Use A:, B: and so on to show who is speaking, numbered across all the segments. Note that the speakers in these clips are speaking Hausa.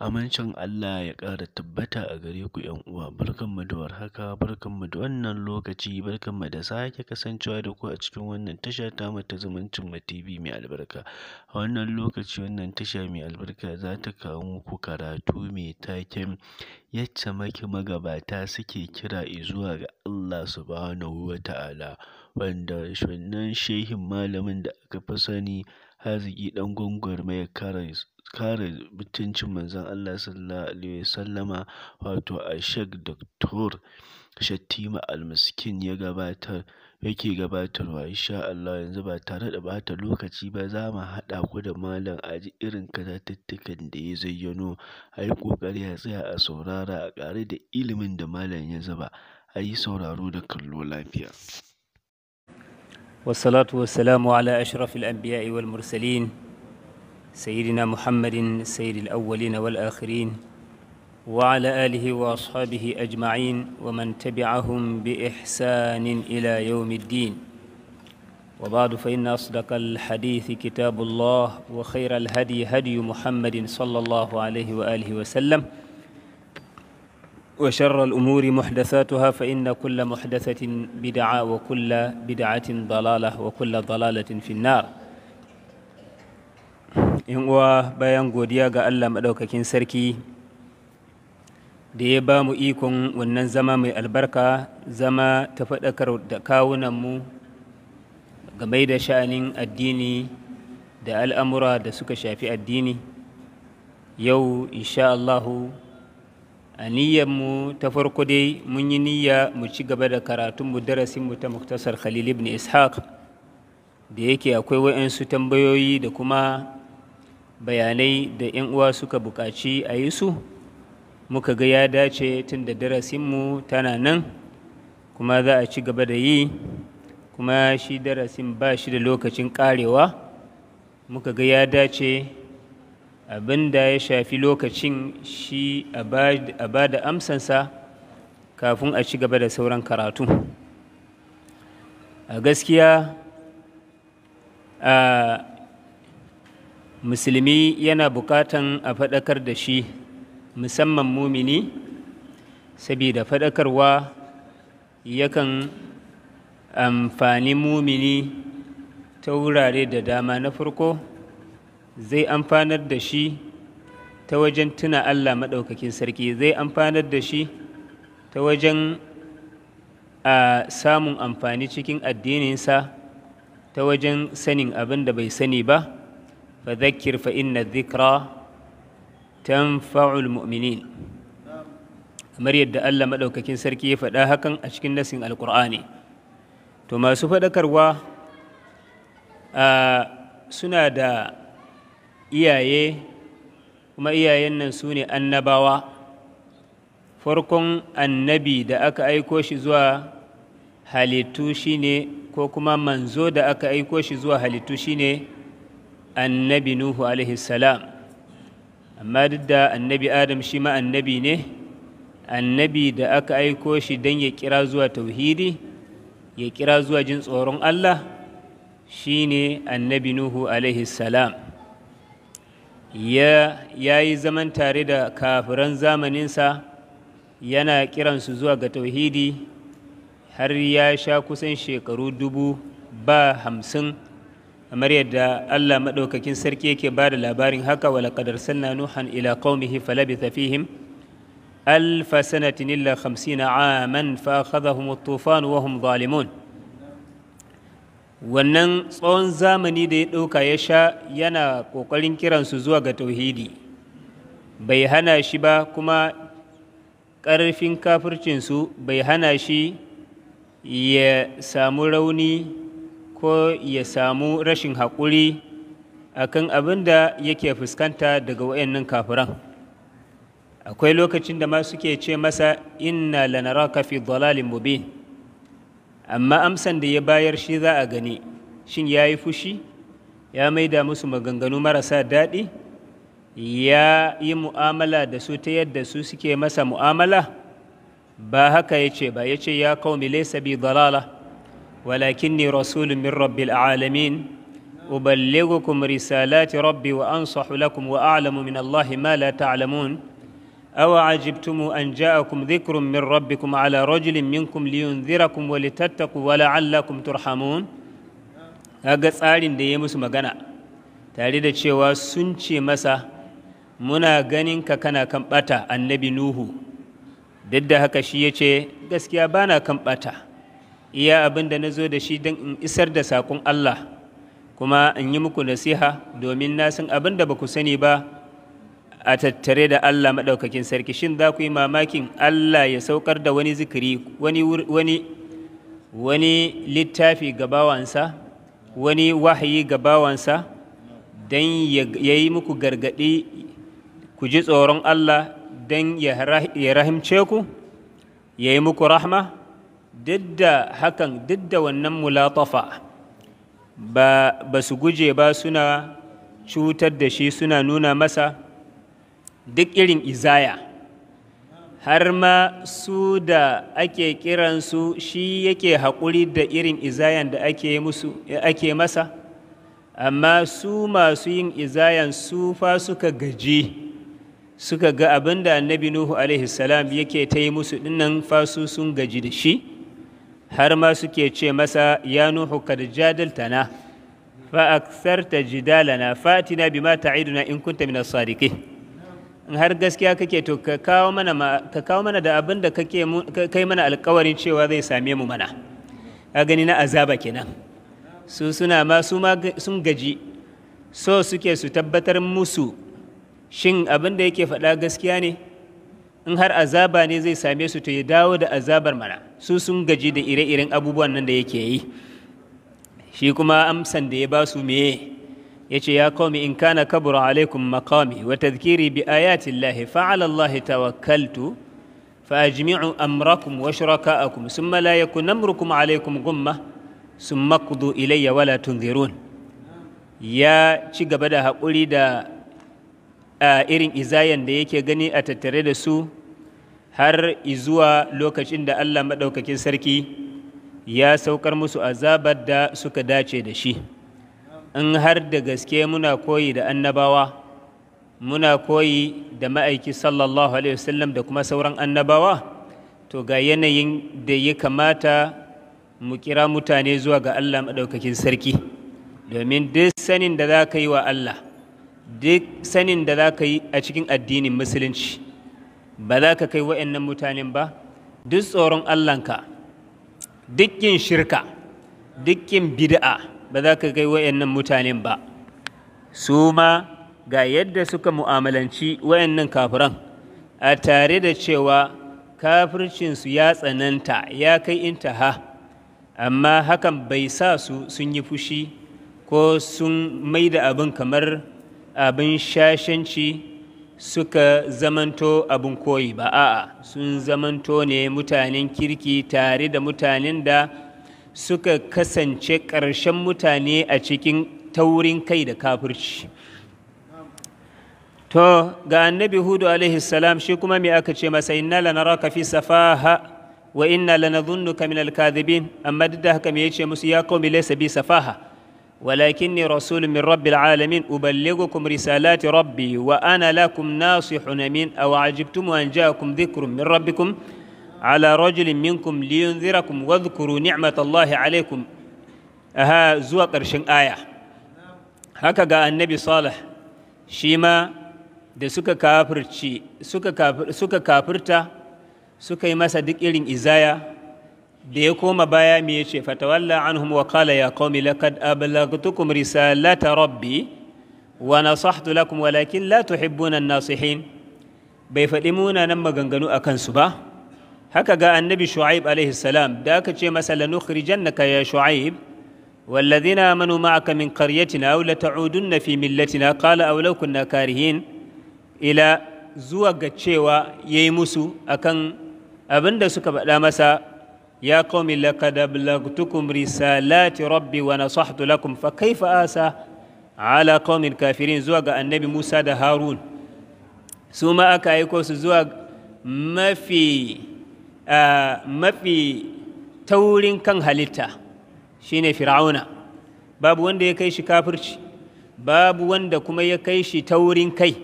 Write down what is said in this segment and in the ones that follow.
A: Amincin Allah ya ƙara tabbata a gare ku ‘yan uwa, barkanmu da warhaka, barkanmu da wannan lokaci, barkanmu da sake kasancewa da ku a cikin wannan tasha ta ta zumuncin mu TV mai albarka. A wannan lokaci wannan tasha mai albarka za ta kawo muku karatu mai taken yacce maki magabata suke kira zuwa ga Allah subhanahu wa ta'ala wanda wannan shehin malamin da aka fi sani Haziki ɗan gwagwarmayar Karas kare mutuncin Manzon Allah Sallallahu Alaihi Wasallama wato Sheikh Dr. shattima Al-Miskin ya gabatar yake gabatarwa. In allah yanzu ba tare da bata lokaci ba za mu haɗa ku da Malam a ji irin karatuttukan da ya zayyano, a yi ƙoƙari a tsaya a saurara a ƙare da ilimin da Malam ya zaba a yi sauraro da kallo lafiya. والصلاة والسلام على أشرف الأنبياء والمرسلين سيدنا محمد سيد الأولين والآخرين وعلى آله وأصحابه أجمعين ومن تبعهم بإحسان إلى يوم الدين وبعد فإن أصدق الحديث كتاب الله وخير الهدي هدي محمد صلى الله عليه وآله وسلم وشر الأمور محدثاتها فإن كل محدثة بدعة وكل بدعة ضلالة وكل ضلالة في النار in uwa bayan godiya ga Allah maɗaukakin sarki da ya ba mu ikon wannan zama mai albarka zama ta faɗakar da kawunanmu game da sha'anin addini da al'amura da suka shafi addini yau insha Allahu a ta farko dai mun yi niyya mu ci gaba da karatunmu darasinmu ta muktasar khalil ibn ishaq da yake akwai wa'yansu tambayoyi da kuma bayanai da 'yan uwa suka buƙaci a yi su muka ga ya dace tun da darasinmu tana nan kuma za a ci gaba da yi kuma shi darasin ba shi da lokacin ƙarewa muka ga ya dace abin da ya shafi lokacin shi a ba da amsansa kafin a ci gaba da sauran karatu a gaskiya musulmi yana bukatan a faɗakar da shi musamman mumini saboda faɗakarwa yakan amfani mumini ta wurare da dama na farko zai amfanar da shi ta wajen tuna Allah maɗaukakin sarki zai amfanar da shi ta wajen a samun amfani cikin addininsa ta wajen sanin abin da bai sani ba فذكر فإن الذكرى تنفع المؤمنين kamar yadda Allah maɗaukakin sarki ya faɗa hakan a cikin nasin alƙur'ani to masu faɗakarwa suna da iyaye kuma iyayen nan su ne annabawa farkon annabi da aka aiko shi zuwa halittu shine ko kuma manzo da aka aiko shi zuwa halittu shine annabi nuhu alaihi salam amma duk da annabi adam shi ma annabi ne annabi da aka aiko shi don ya kira zuwa tauhidi ya kira zuwa jin tsoron allah shi ne annabi nuhu alaihi salam ya yi zaman tare da kafiran zamaninsa yana kiransu zuwa ga tauhidi har ya sha kusan shekaru dubu ba hamsin kamar yadda Allah maɗaukakin sarki yake ba da labarin haka wa laƙad arsalna nuhan ila qaumihi falabitha fihim alf sanatin illa 50 aman fa akhadhahum at-tufan zalimun wannan tsawon zamani da ya ɗauka ya sha yana ƙoƙarin kiransu zuwa ga tauhidi bai hana shi ba kuma ƙarfin kafircinsu bai hana shi ya samu rauni ko ya samu rashin haƙuri a kan abin da yake fuskanta daga waɗannan kafiran akwai lokacin da ma suke ce masa inna lanara fi dalalin mubin amma amsan da ya bayar shi za a gani shin ya yi fushi ya maida musu maganganu marasa daɗi ya yi mu'amala da su ta yadda su suke masa mu'amala ba haka ya ce ba ya ce ya kaumi laisa bi dalala ولكني رسول من رب العالمين أبلغكم رسالات ربي وأنصح لكم وأعلم من الله ما لا تعلمون أو عجبتم أن جاءكم ذكر من ربكم على رجل منكم لينذركم ولتتقوا ولعلكم ترحمون هذا tsarin da ya musu magana tare da cewa sun ce masa muna ganin ka kana kan bata annabi nuhu duk da haka shi ya ce gaskiya bana kan bata iya abin da na zo da shi don in isar da sakon Allah kuma in yi muku nasiha domin na san abin da ba ku sani ba a tattare da Allah maɗaukakin sarki shin za ku yi mamakin Allah ya saukar da wani zikiri wani wani littafi ga bawansa wani wahayi ga bawansa don ya yi muku gargaɗi ku ji tsoron Allah don ya rahimce ku ya yi muku rahma duk da hakan duk da wannan mulatafa ba, ba su guje ba suna cutar da shi suna nuna masa duk irin izaya har ma su da ake kiransu shi yake haƙuri da irin izayan da ake, musu, ake masa amma su masu yin izayan su fa suka gaji suka ga abin da annabi nuhu alaihi salam yake ta yi musu dinnan fasu sun gaji da shi har ma suke ce masa ya nuhu kad jadaltana fa na. jidalana fatina bima ta'iduna in kunta min as-sadiqin in har gaskiya kake to ka kawo mana ka kawo mana da abinda da kake kai mana alƙawarin cewa zai same mu mana a gani na azaba kenan su suna ma su ma sun gaji so suke su tabbatar musu shin abinda da yake faɗa gaskiya ne in har azaba ne zai same su to ya dawo da azabar mana su sun gaji da ire-iren abubuwan nan da yake yi shi kuma amsan da ya ba su meye ya ce ya kawmi in kana kabura alaikum makami wa tadhkiri bi ayatillahi fa'ala Allah tawakkaltu fa amrakum wa shuraka'akum summa la yakun amrukum alaikum gumma summa qudu ilayya wala tunzirun ya ci gaba da haƙuri da a irin izayen da yake gani a tattare da su har izuwa lokacin da Allah maɗaukakin sarki ya saukar musu azabar da suka dace da shi in har da gaske muna koyi da annabawa muna koyi da ma'aiki sallallahu alaihi wasallam da kuma sauran annabawa to ga yanayin da ya kamata mu kira mutane zuwa ga Allah maɗaukakin sarki domin duk sanin da za ka yi wa Allah duk sanin da za ka yi a cikin addinin musulunci ba za ka kai wa'annan mutanen ba duk tsoron allahnka dukkin shirka dukkin bid'a ba za ka kai wa'annan mutanen ba su ma ga yadda suka mu'amalanci wa'annan kafiran a tare da cewa kafircinsu ya tsananta ya kai intaha amma hakan bai sa su sun yi fushi ko sun mai da abin kamar abin shashanci suka zamanto abin koyi ba a'a sun zamanto ne mutanen kirki tare da mutanen da suka kasance ƙarshen mutane a cikin taurin kai da kafirci to ga annabi hudu alaihi salam shi kuma me aka ce masa inna lanaraka fi safaha wa inna lanadhunnuka min alkadhibin amma duk da haka me yace musu ya komi laysa bi safaha ولكني رسول من رب العالمين أبلغكم رسالات ربي وأنا لكم ناصح أمين أو عجبتم أن جاءكم ذكر من ربكم على رجل منكم لينذركم واذكروا نعمة الله عليكم أها زوا قرشن آية هكذا النبي صالح شيما da suka kafirci suka kafirta suka yi masa duk irin izaya da ya koma baya me yace fatawalla an wa qala ya qaumi laqad ablaghtukum risalata rabbi wa nasahtu lakum walakin la tuhibbuna an-nasihin bai faɗi munanan maganganu a kansu ba haka ga annabi shu'aib alaihi salam da aka ce masa lanukhrijannaka ya shu'aib والذين آمنوا معك من قريتنا أو لتعودن في ملتنا قال أو لو كنا كارهين إلى زوج تشيوا يمسو أكن أبند سكب لا masa. يا قوم لقد أبلغتكم رسالات ربي ونصحت لكم فكيف آسى على قوم الكافرين زوج النبي موسى ده هارون ثم أكا زوج ما في آه ما في taurin kan halitta shine fir'auna babu wanda ya kai shi kafirci babu wanda kuma ya kai shi taurin kai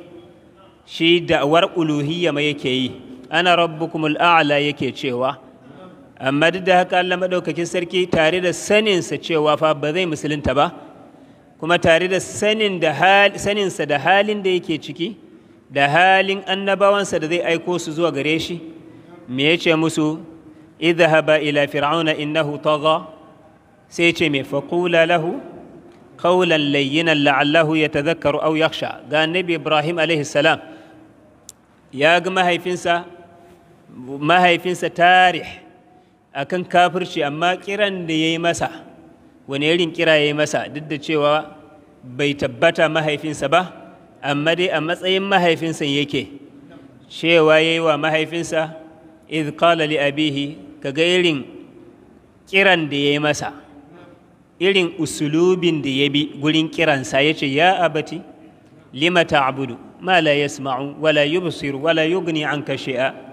A: shi da'awar uluhiyya ma yake yi ana rabbukumul a'la yake cewa amma duk da haka Allah maɗaukakin sarki tare da saninsa cewa fa ba zai musulunta ba kuma tare da saninsa da halin da yake ciki da halin annabawansa da zai aiko su zuwa gare shi me ya ce musu idhaba ila fir'auna innahu tagha sai ce me faqula lahu qawlan layyinan la'allahu yatadhakkaru aw yakhsha ga annabi Ibrahim alaihi salam ya ga mahaifinsa mahaifinsa tarih akan kafirci amma kiran da ya yi masa wani irin kira ya yi masa duk da cewa bai tabbata mahaifinsa ba amma dai a matsayin mahaifinsa yake cewa ya yi wa mahaifinsa idh qala li abihi kaga irin kiran da ya yi masa irin usulubin da ya bi gurin kiransa ya ce ya abati lima ta'budu ma la yasma'u wala yubsiru wala yughni anka shay'a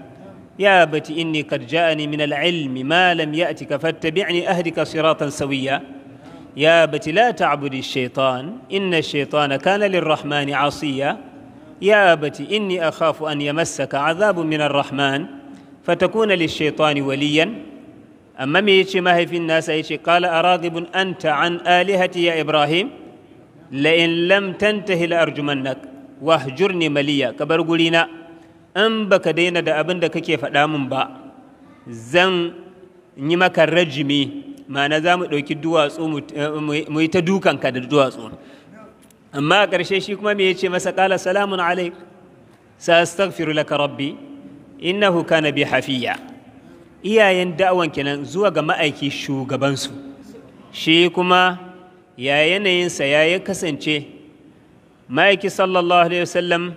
A: يا أبت إني قد جاءني من العلم ما لم يأتك فاتبعني أهدك صراطا سويا يا أبت لا تعبد الشيطان إن الشيطان كان للرحمن عصيا يا أبت إني أخاف أن يمسك عذاب من الرحمن فتكون للشيطان وليا أما ميتش ما هي في الناس أيش قال أراغب أنت عن آلهتي يا إبراهيم لئن لم تنتهي لأرجمنك واهجرني مليا كبر قولينا in ka daina da abin da kake faɗa min ba zan yi maka rajimi ma'ana za mu ɗauki duwatsu eh, mu yi ta dukanka da duwatsu amma a ƙarshe shi kuma me ya ce masa ƙala salamun alaik sa astaghfiru laka rabbi innahu kana bi hafiya iyayen da'awan kenan zuwa ga ma'aiki shugabansu shi kuma ya yanayinsa ya ya kasance ma'aiki sallallahu alaihi wasallam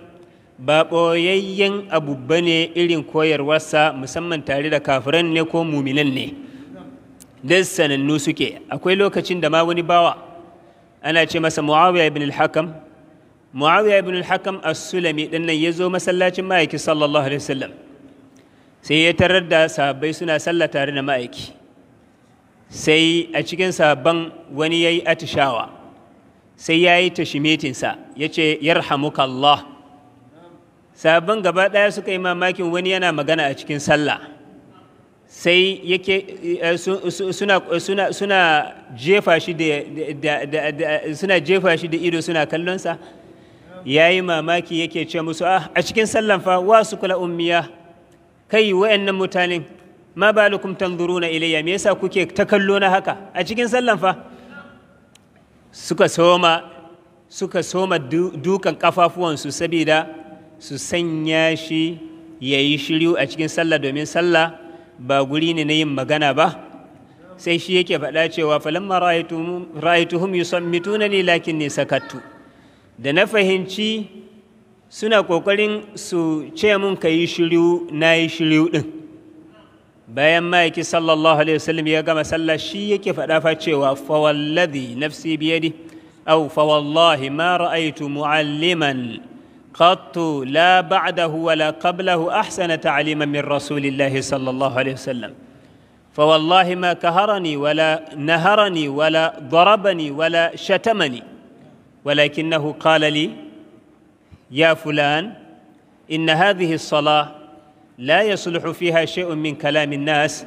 A: ba ɓoyayyen abu ba ne irin koyarwarsa musamman tare da kafiran ne ko muminan ne don sanannu suke akwai lokacin da ma wani bawa ana ce masa muawiya ibn al-hakam muawiya ibn al-hakam as-sulami din nan ya zo masallacin ma'aiki sallallahu alaihi wasallam sai ya tarar da sahabbai suna sallah tare da ma'aiki sai a cikin sahabban wani yayi atishawa sai yayi ce, sa yarhamuka allah sabon gaba ɗaya suka yi mamakin wani yana magana a cikin sallah sai yake suna, jefa shi da, ido suna kallonsa ya yi mamaki yake ce musu ah, a cikin sallan fa wa su kula ummiya kai wa'annan mutanen ma ba lukum tanzuruna ilayya me yasa kuke ta kallo na haka a cikin sallan fa suka soma suka soma dukan kafafuwansu saboda su sanya shi ya yi shiru a cikin sallah domin sallah ba guri ne na yin magana ba sai shi yake faɗa cewa falamma ra'aytuhum yusammitunani lakin ne sakattu da na fahimci suna ƙoƙarin su ce mun ka yi shiru na yi shiru ɗin bayan ma'aiki sallallahu alaihi wasallam ya gama sallah shi yake faɗa fa cewa fawalladhi nafsi biyadi aw fawallahi ma ra'aytu mu'alliman قط لا بعده ولا قبله احسن تعليما من رسول الله صلى الله عليه وسلم فوالله ما كهرني ولا نهرني ولا ضربني ولا شتمني ولكنه قال لي يا فلان ان هذه الصلاه لا يصلح فيها شيء من كلام الناس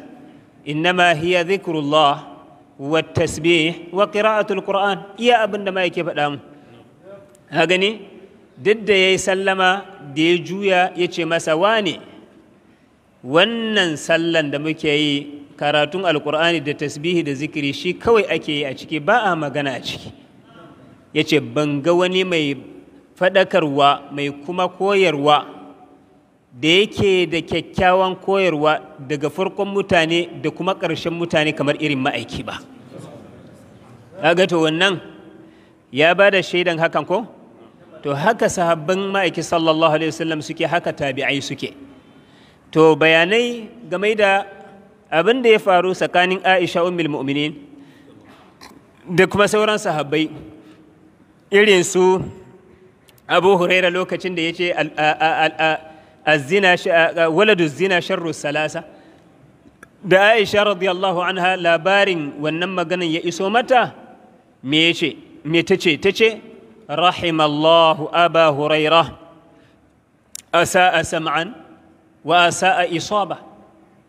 A: انما هي ذكر الله والتسبيح وقراءه القران يا ابن ما يكفي هاجني duk da ya yi sallama da ya juya ya ce masa wane wannan sallan da muke yi karatun alkur'ani da tasbihi da zikiri shi kawai ake yi a ciki ba a magana a ciki ya ce ban ga wani mai faɗakarwa mai kuma koyarwa da yake da kyakkyawan koyarwa daga farkon mutane da kuma ƙarshen mutane kamar irin ma'aiki ba. ga wannan ya ba da shaidan hakan ko? to haka sahabban ma'aiki sallallahu alaihi wasallam suke haka tabi'ai suke to bayanai game da abin da ya faru tsakanin aisha ummul mu'minin da kuma sauran sahabbai irin su abu huraira lokacin da ya ce waladun zina sharru salasa da aisha radiyallahu anha labarin wannan maganan ya iso mata me ya ce me ta ce ta ce رحم الله أبا هريرة أساء سمعا وأساء إصابة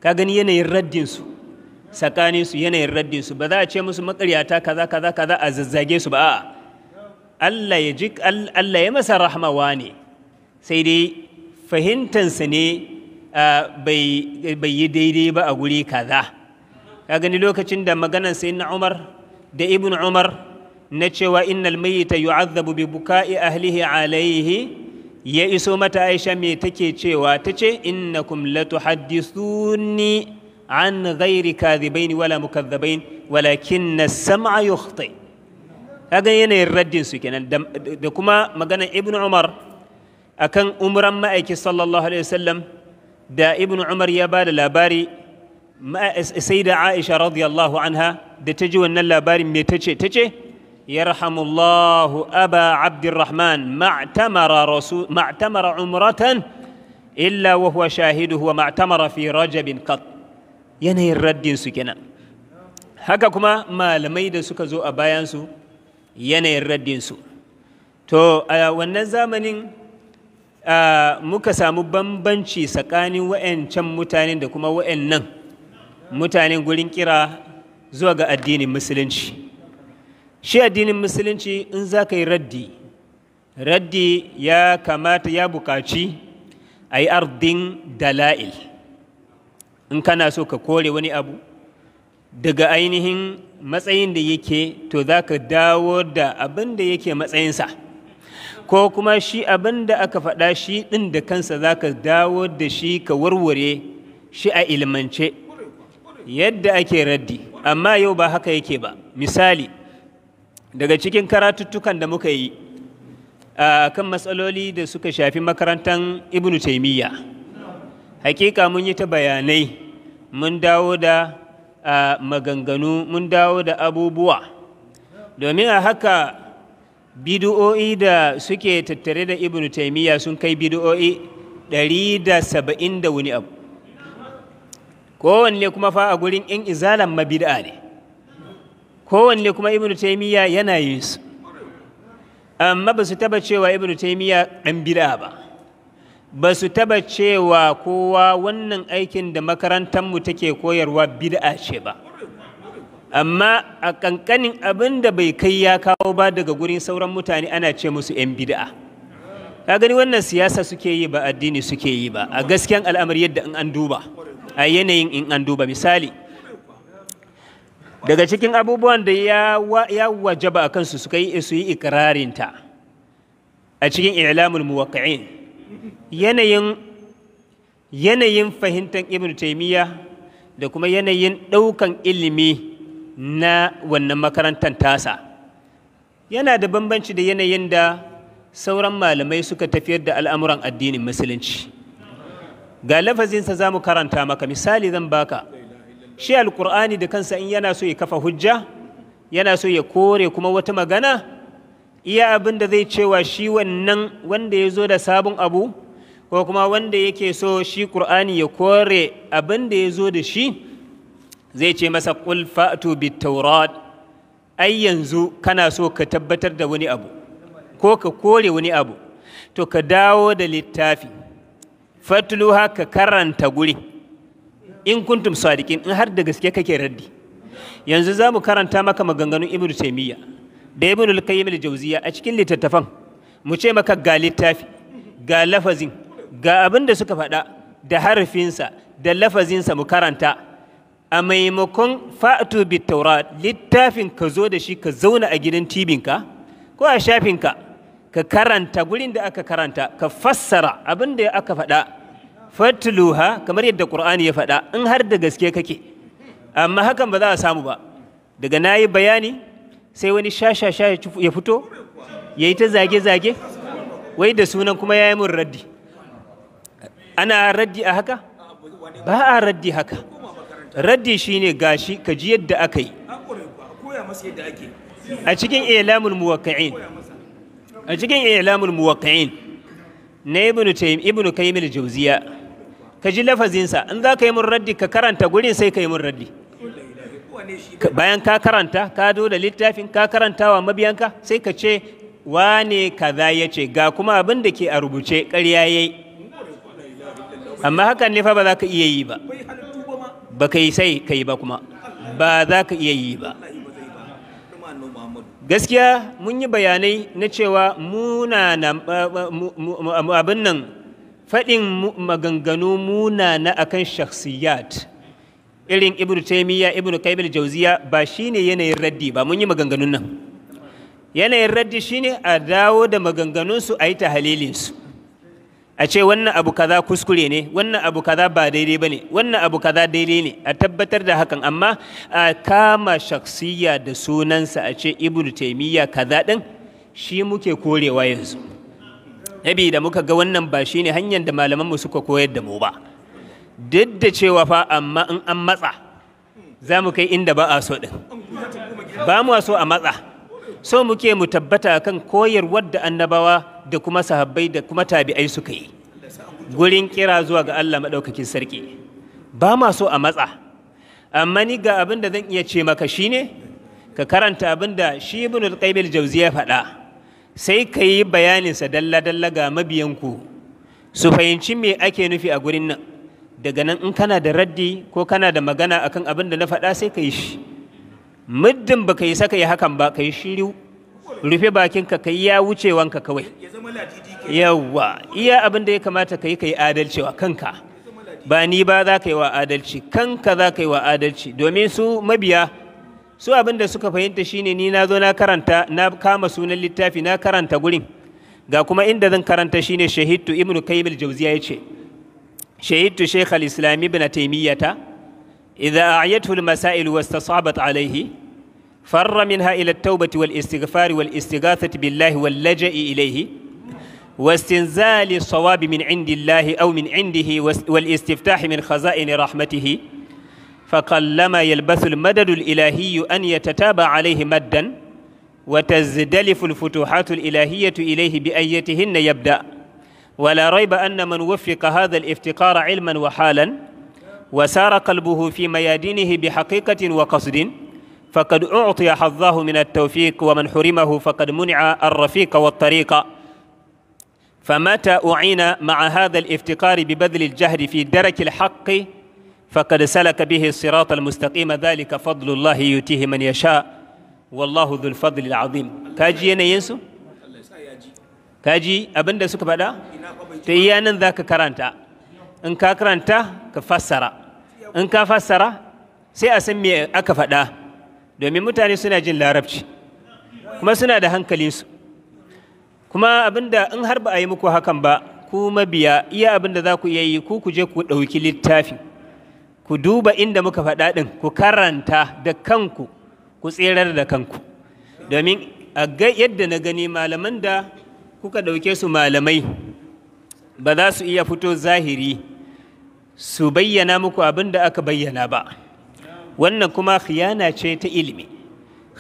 A: كاغن يني الردين سو سكاني سو يني الردين سو بذا أتشي مسو مقرياتا كذا كذا كذا أززاجي سو بآ الله يجيك الله يمسى رحمة واني سيدي fahimtansa ne bai yi daidai ba a guri kaza ka gani lokacin da maganan sayyidina umar da ibn umar na cewa innal mayyita yu'azzabu bi buka'i ahlihi alaihi ya iso mata Aisha me take cewa tace innakum latuhaddithuni an ghairi kadhibaini wala mukadhabain walakinna as-sam'a yukhti kaga yanayin raddin su kenan da kuma magana ibn Umar akan umran ma'aiki sallallahu alaihi wasallam da ibn Umar ya bada labari sai da Aisha radiyallahu anha da ta ji wannan labarin me يرحم الله أبا عبد الرحمن ما اعتمر رسول ما اعتمر عمرة إلا وهو شاهده وما اعتمر في رجب قط ينهي الرد سكنا هكاكما ما لميد سكزو أبايانسو ينهي الرد سو تو آه ونزامن آه مكا سامو بمبنشي سكاني وإن شم متانين دكما وإن نم متانين قولين كرا زوغا الدين مسلنشي shi addinin musulunci in za ka yi raddi raddi ya kamata ya bukaci a yi ardin dala'il in kana so ka kore wani abu daga ainihin matsayin da yake to za ka dawo da abin da yake matsayinsa ko kuma shi abin da aka faɗa shi ɗin da kansa za ka dawo da shi ka warware shi a ilmance yadda ake raddi amma yau ba haka yake ba misali daga cikin karatuttukan da muka yi a kan matsaloli da suka shafi makarantar ibnu taimiyya hakika mun yi ta bayanai mun dawo da maganganu mun dawo da abubuwa domin a haka bidu'o'i da suke tattare da ibnu taimiyya sun kai bidu'o'i ɗari da saba'in da wani abu kowanne kuma fa a gurin 'yan izalan mabida ne kowanne kuma ibnu taimiyya yana yin su amma ba su taba cewa ibnu taimiyya ɗan bid'a ba ba su taba cewa kowa wannan aikin da makarantarmu take koyarwa bid'a ce ba amma a ƙanƙanin abin da bai kai ya kawo ba daga gurin sauran mutane ana ce musu 'yan bid'a ka gani wannan siyasa suke yi ba addini suke yi ba a gaskiyan al'amari yadda in an duba a yanayin in an duba misali daga cikin abubuwan da ya wajaba a kansu suka yi su yi ikirarinta a cikin ilamul muwaƙa'in yanayin yanayin fahimtar ibn taimiyya da kuma yanayin ɗaukan ilimi na wannan makarantar tasa yana da bambanci da yanayin da sauran malamai suka tafiyar da al'amuran addinin musulunci ga lafazinsa za mu karanta maka misali zan baka shi alkur'ani da kansa in yana so ya kafa hujja yana so ya kore kuma wata magana iya abin da zai cewa shi wannan wanda ya zo da sabon abu ko kuma wanda yake so shi kur'ani ya kore abin da ya zo da shi zai ce masa qul fa'tu bit taurat ai yanzu kana so ka tabbatar da wani abu ko ka kore wani abu to ka dawo da littafi fatluha ka karanta guri in kuntum sadiqin in har da gaske kake raddi yanzu za mu karanta maka maganganun ibnu taimiyya da ibnu al-qayyim al-jawziyya a cikin littattafan mu ce maka ga littafi ga lafazin ga abin da suka faɗa da harfinsa da lafazinsa mu karanta a maimakon fa'atu bi littafin ka zo da shi ka zauna a gidan tibinka ko a shafinka ka karanta gurin da aka karanta ka fassara abin da aka faɗa fatluha kamar yadda qur'ani ya faɗa in har da gaske kake amma hakan ba za a samu ba daga na yi bayani sai wani shasha ya fito ya yi ta zage zage wai da sunan kuma ya yi mun raddi ana raddi a haka ba a raddi haka raddi shine gashi ka ji yadda aka yi a cikin ilamul muwakkain a cikin ilamul muwakkain na ibn tayyib Ibn kayyim al-jawziya kaji lafazinsa in za ka yi mun raddi ka karanta gurin sai ka yi mun raddi bayan ka karanta ka zo da littafin ka karantawa mabiyanka sai ka ce wane kaza ya ce ga kuma abin da ke a rubuce ƙarya yayi, yi amma hakan ne fa ba za ka iya yi ba ba ka yi sai ka yi ba kuma ba za ka iya yi ba gaskiya mun yi bayanai na cewa muna abin nan faɗin maganganu muna na akan shakhsiyat irin ibnu taimiyya ibnu kaibil jauziya ba shine yanayin raddi ba mun yi maganganun nan yanayin raddi shine a dawo da maganganunsu a yi ta halilinsu. a ce wannan abu kaza kuskure ne wannan abu kaza ba daidai bane wannan abu kaza daidai ne a tabbatar da hakan amma a kama shaksiya da sunansa a ce ibnu taimiyya kaza din shi muke korewa yanzu nabi da muka ga wannan ba shi ne hanyar da malamanmu suka koyar da mu ba duk da cewa fa amma in an matsa za mu kai inda ba a so din ba mu so a matsa so muke mu tabbata kan koyarwar da annabawa da kuma sahabbai da kuma tabi'ai suka yi gurin kira zuwa ga Allah maɗaukakin sarki ba ma so a matsa amma ni ga abin da zan iya ce maka shine ka karanta abin da shi ibn al-qayyim al ya faɗa sai ka yi bayanin sa dalla dalla ga ku. su fahimci me ake nufi a gurin nan daga nan in kana da raddi ko kana da magana akan abin da na faɗa sai ka yi shi muddin baka yi saka yi hakan ba ka yi shiru rufe bakinka ka yi ya wucewanka kawai Yawa iya abin da ya kamata ka yi ka yi adalci wa kanka ba ni ba za ka yi wa adalci kanka za ka yi wa adalci domin su mabiya su abin da suka fahimta shine ni na zo na karanta na kama sunan littafi na karanta gurin ga kuma inda zan karanta shine shahidtu ibnu kaimil al-jawziya yace shahidtu shaykh al-islam ibn taymiyata idza a'yathu al-masail wastasabat alayhi فر منها إلى التوبة والاستغفار والاستغاثة بالله واللجأ إليه واستنزال الصواب من عند الله أو من عنده والاستفتاح من خزائن رحمته فقلما يلبث المدد الإلهي أن يتتابع عليه مدا وتزدلف الفتوحات الإلهية إليه بأيتهن يبدأ ولا ريب أن من وفق هذا الافتقار علما وحالا وسار قلبه في ميادينه بحقيقة وقصد فقد أعطي حظه من التوفيق ومن حرمه فقد منع الرفيق والطريق فمتى أعين مع هذا الافتقار ببذل الجهد في درك الحق فقد سلك به الصراط المستقيم ذلك فضل الله يؤتيه من يشاء والله ذو الفضل العظيم كاجي أنا ينسو كاجي abin da suka faɗa ذاك كرانتا إن كرانتا ka إن in سيأسمي أكفدا domin mutane suna jin larabci kuma suna da hankalinsu kuma abinda in har ba a yi muku hakan ba ku mabiya iya abin za ku iya yi ku ku je ku ɗauki littafi ku duba inda muka faɗa ɗin ku karanta da kanku ku tserar da kanku domin a yadda na gani malaman da kuka ɗauke su malamai ba za su iya fito zahiri su bayyana muku abin da aka bayyana ba wannan kuma khiyana ce ta ilimi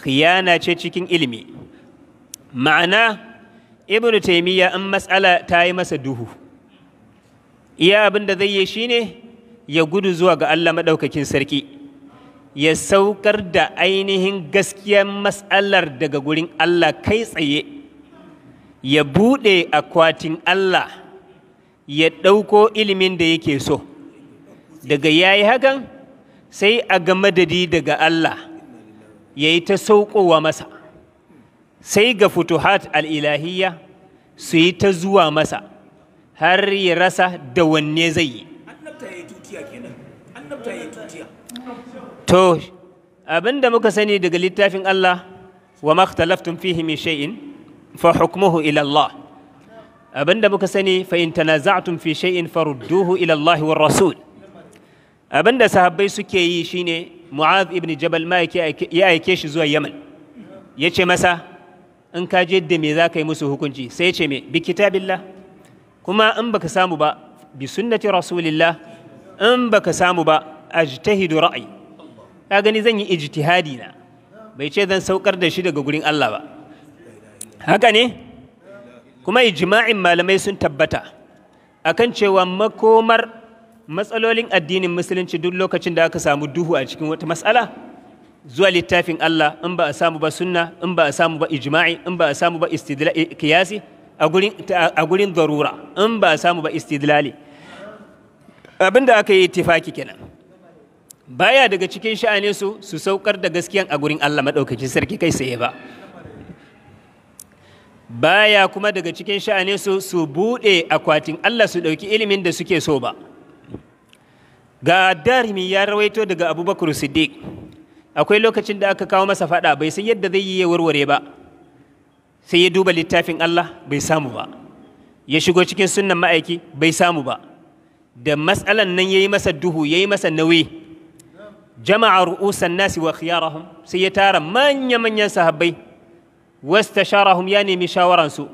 A: khiyana ce cikin ilimi ma'ana ibn taymiya an matsala ta yi masa duhu iya abin da zai yi shine ya gudu zuwa ga Allah maɗaukakin sarki ya saukar da ainihin gaskiyar matsalar daga gurin Allah kai tsaye ya buɗe akwatin Allah ya ɗauko ilimin da yake so daga yayi yi hakan sai a ga madadi daga Allah ya yi ta saukowa masa sai ga futuhat al'ilahiyya su yi ta zuwa masa har ya rasa da wanne zai yi to abin muka sani daga littafin Allah wa makhtalaftun fihi min shay'in fa hukmuhu ila Allah abinda muka sani fa in tanaza'tum fi shay'in farudduhu ila Allah wa rasul abin da sahabbai suke yi shine mu'az ibn jabal ma ya aike shi zuwa yaman ya ce masa in ka je da me za ka yi musu hukunci sai ce me bi kitabillah kuma in baka samu ba bi sunnati rasulillah in baka samu ba ajtahidu ra'ayi ka gani zan yi ijtihadi na bai ce zan saukar da shi daga gurin Allah ba haka ne kuma ijma'in malamai sun tabbata akan cewa makomar matsalolin addinin musulunci duk lokacin da aka samu duhu a cikin wata matsala zuwa littafin Allah in ba a samu ba sunna in ba a samu ba ijma'i in ba a samu ba istidlali kiyasi eh, a gurin a in ba a samu ba istidlali abinda aka yi tifaki kenan baya daga cikin sha'anin su su saukar da gaskiya a gurin Allah madaukakin sarki kai sai ba baya kuma daga cikin sha'anin su su bude akwatin Allah su ɗauki ilimin da suke so ba ga darimi ya rawaito daga abubakar siddiq akwai lokacin da aka kawo masa faɗa bai san yadda zai yi ya warware ba sai ya duba littafin Allah bai samu ba ya shigo cikin sunnan ma'aiki bai samu ba da matsalan nan ya yi masa duhu ya yi masa nauyi jama'a ru'usan nasi wa khiyarahum sai ya tara manya-manyan sahabbai wastasharahum ya nemi shawaransu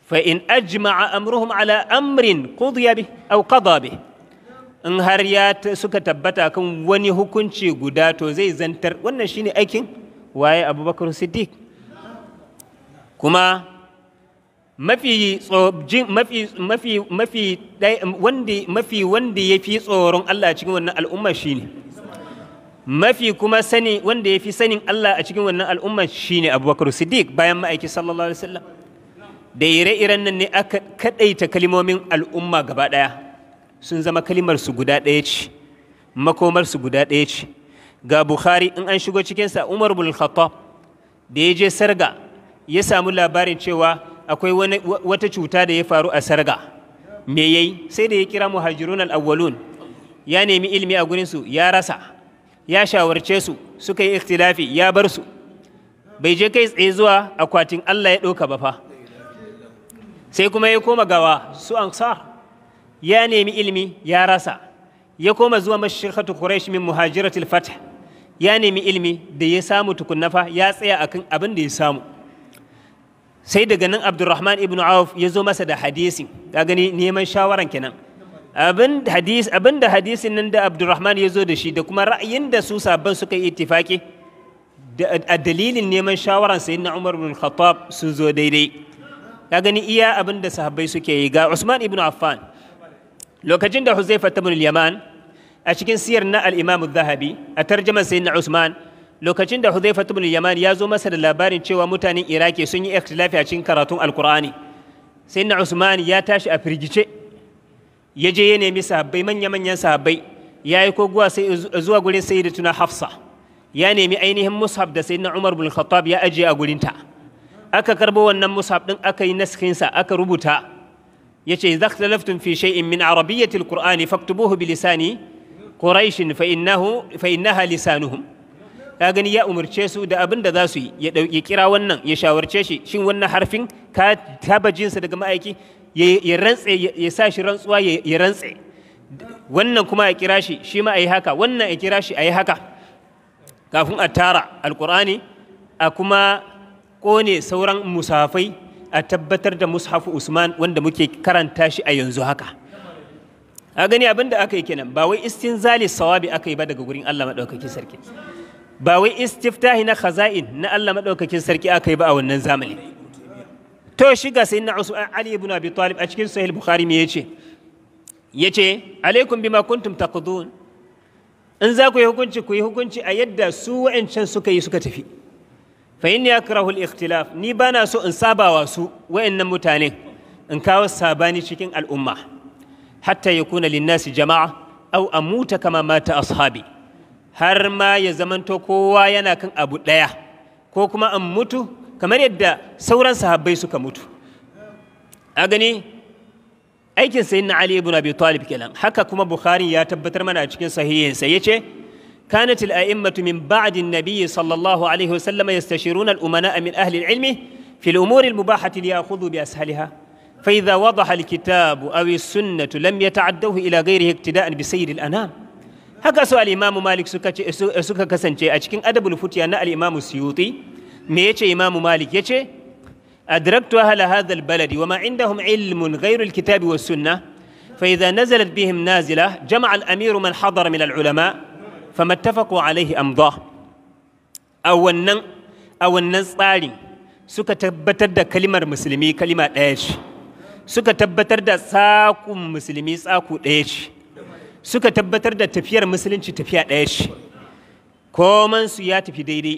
A: fa in ajma'a amruhum ala amrin qudiya bi aw qada bih in har ya suka tabbata kan wani hukunci guda to zai zantar wannan shine aikin waye abubakar siddiq kuma mafi mafi mafi wanda mafi wanda ya fi tsoron Allah a cikin wannan al'umma shine mafi kuma sani wanda ya fi sanin Allah a cikin wannan al'umma shine abubakar siddiq bayan ma'aiki sallallahu alaihi wasallam da ire-iren nan ne aka kadaita kalmomin al'umma gaba daya sun zama kalimarsu guda ɗaya ce makomar guda ɗaya ce ga bukhari in an shigo cikinsa umar bin khattab da ya je sarga ya samu labarin cewa akwai wata cuta da ya faru a sarga me yayi sai da ya kira muhajirun al-awwalun ya nemi ilimi a gurin su ya rasa ya shawarce su suka yi ikhtilafi ya bar su bai je kai tsaye zuwa akwatin Allah ya ɗauka ba fa sai kuma ya koma gawa su ansar ya nemi ilmi ya rasa ya koma zuwa mashirkatu quraish min muhajiratul fath ya nemi ilmi da ya samu tukunna fa ya tsaya akan abin da ya samu sai daga nan abdurrahman ibn auf ya zo masa da hadisi ka gani neman shawaran kenan abin hadis abin da hadisin nan da abdurrahman ya zo da shi da kuma ra'ayin da su sabban suka yi ittifaki a dalilin neman shawaran sayyidina umar ibn khattab sun zo daidai ka gani iya abin da sahabbai suke yi ga usman ibn affan lokacin da Huzaifa ibn al-Yaman a cikin siyar na al-Imam zahabi a tarjaman sayyidina Usman lokacin da Huzaifa ibn al-Yaman ya zo masa da labarin cewa mutanen Iraki sun yi ikhtilafi a cikin karatun al'kurani. qurani Usman ya tashi a firgice ya je ya nemi sahabbai manya manyan sahabbai ya yi koguwa sai zuwa gurin sayyidatuna Hafsa ya nemi ainihin mushaf da sayyidina Umar bin Khattab ya ajiye a gurinta aka karbo wannan mushaf din aka yi naskinsa aka rubuta yace idza ikhtalaftum fi shay'in min arabiyyatil qur'ani faktubuhu bi lisani quraish fa innahu fa innaha lisanuhum ka gani ya umarce su da abin da za yi ya dauki kira wannan ya shawarce shi shin wannan harfin ka taba jinsa daga ma'aiki ya rantse ya sa shi rantsuwa ya rantse wannan kuma a kira shi shi ma a yi haka wannan a kira shi a yi haka kafin a tara alkur'ani a kuma kone sauran musafai a tabbatar da mushafu usman wanda muke karanta shi a yanzu haka a gani abin da aka yi kenan ba wai istinzali sawabi aka yi ba daga gurin Allah maɗaukakin sarki ba wai istiftahi na khaza'in na Allah maɗaukakin sarki aka yi ba a wannan zamani to shiga sai na Usman Ali ibn Abi Talib a cikin Sahih Bukhari me yace yace alaikum bima kuntum taqdun in za ku yi hukunci ku yi hukunci a yadda su wa'ancan suka yi suka tafi fa inni akrahu al-ikhtilaf ni bana so in sabawa su wayannan mutanen in kawo sabani cikin al'umma hatta yakuna lin linnasi jama'a aw amuta kama mata ashabi har ma ya zamanto kowa yana kan abu ɗaya ko kuma an mutu kamar yadda sauran sahabbai suka mutu a gani aikin sayyidina ali ibn abi talib kenan haka kuma bukhari ya tabbatar mana a cikin sahihinsa yace كانت الأئمة من بعد النبي صلى الله عليه وسلم يستشيرون الأمناء من أهل العلم في الأمور المباحة ليأخذوا بأسهلها فإذا وضح الكتاب أو السنة لم يتعدوه إلى غيره اقتداء بسير الأنام هكا سؤال الإمام مالك سكا كسن أشكين أدب الفتية الإمام السيوطي ميشي إمام مالك يشي أدركت أهل هذا البلد وما عندهم علم غير الكتاب والسنة فإذا نزلت بهم نازلة جمع الأمير من حضر من العلماء famattafaku alaihi amdha a wannan a wannan tsari suka tabbatar da kalimar musulmi kalima ɗaya ce suka tabbatar da tsakun musulmi tsaku ɗaya ce suka tabbatar da tafiyar musulunci tafiya ɗaya ce koman su ya tafi daidai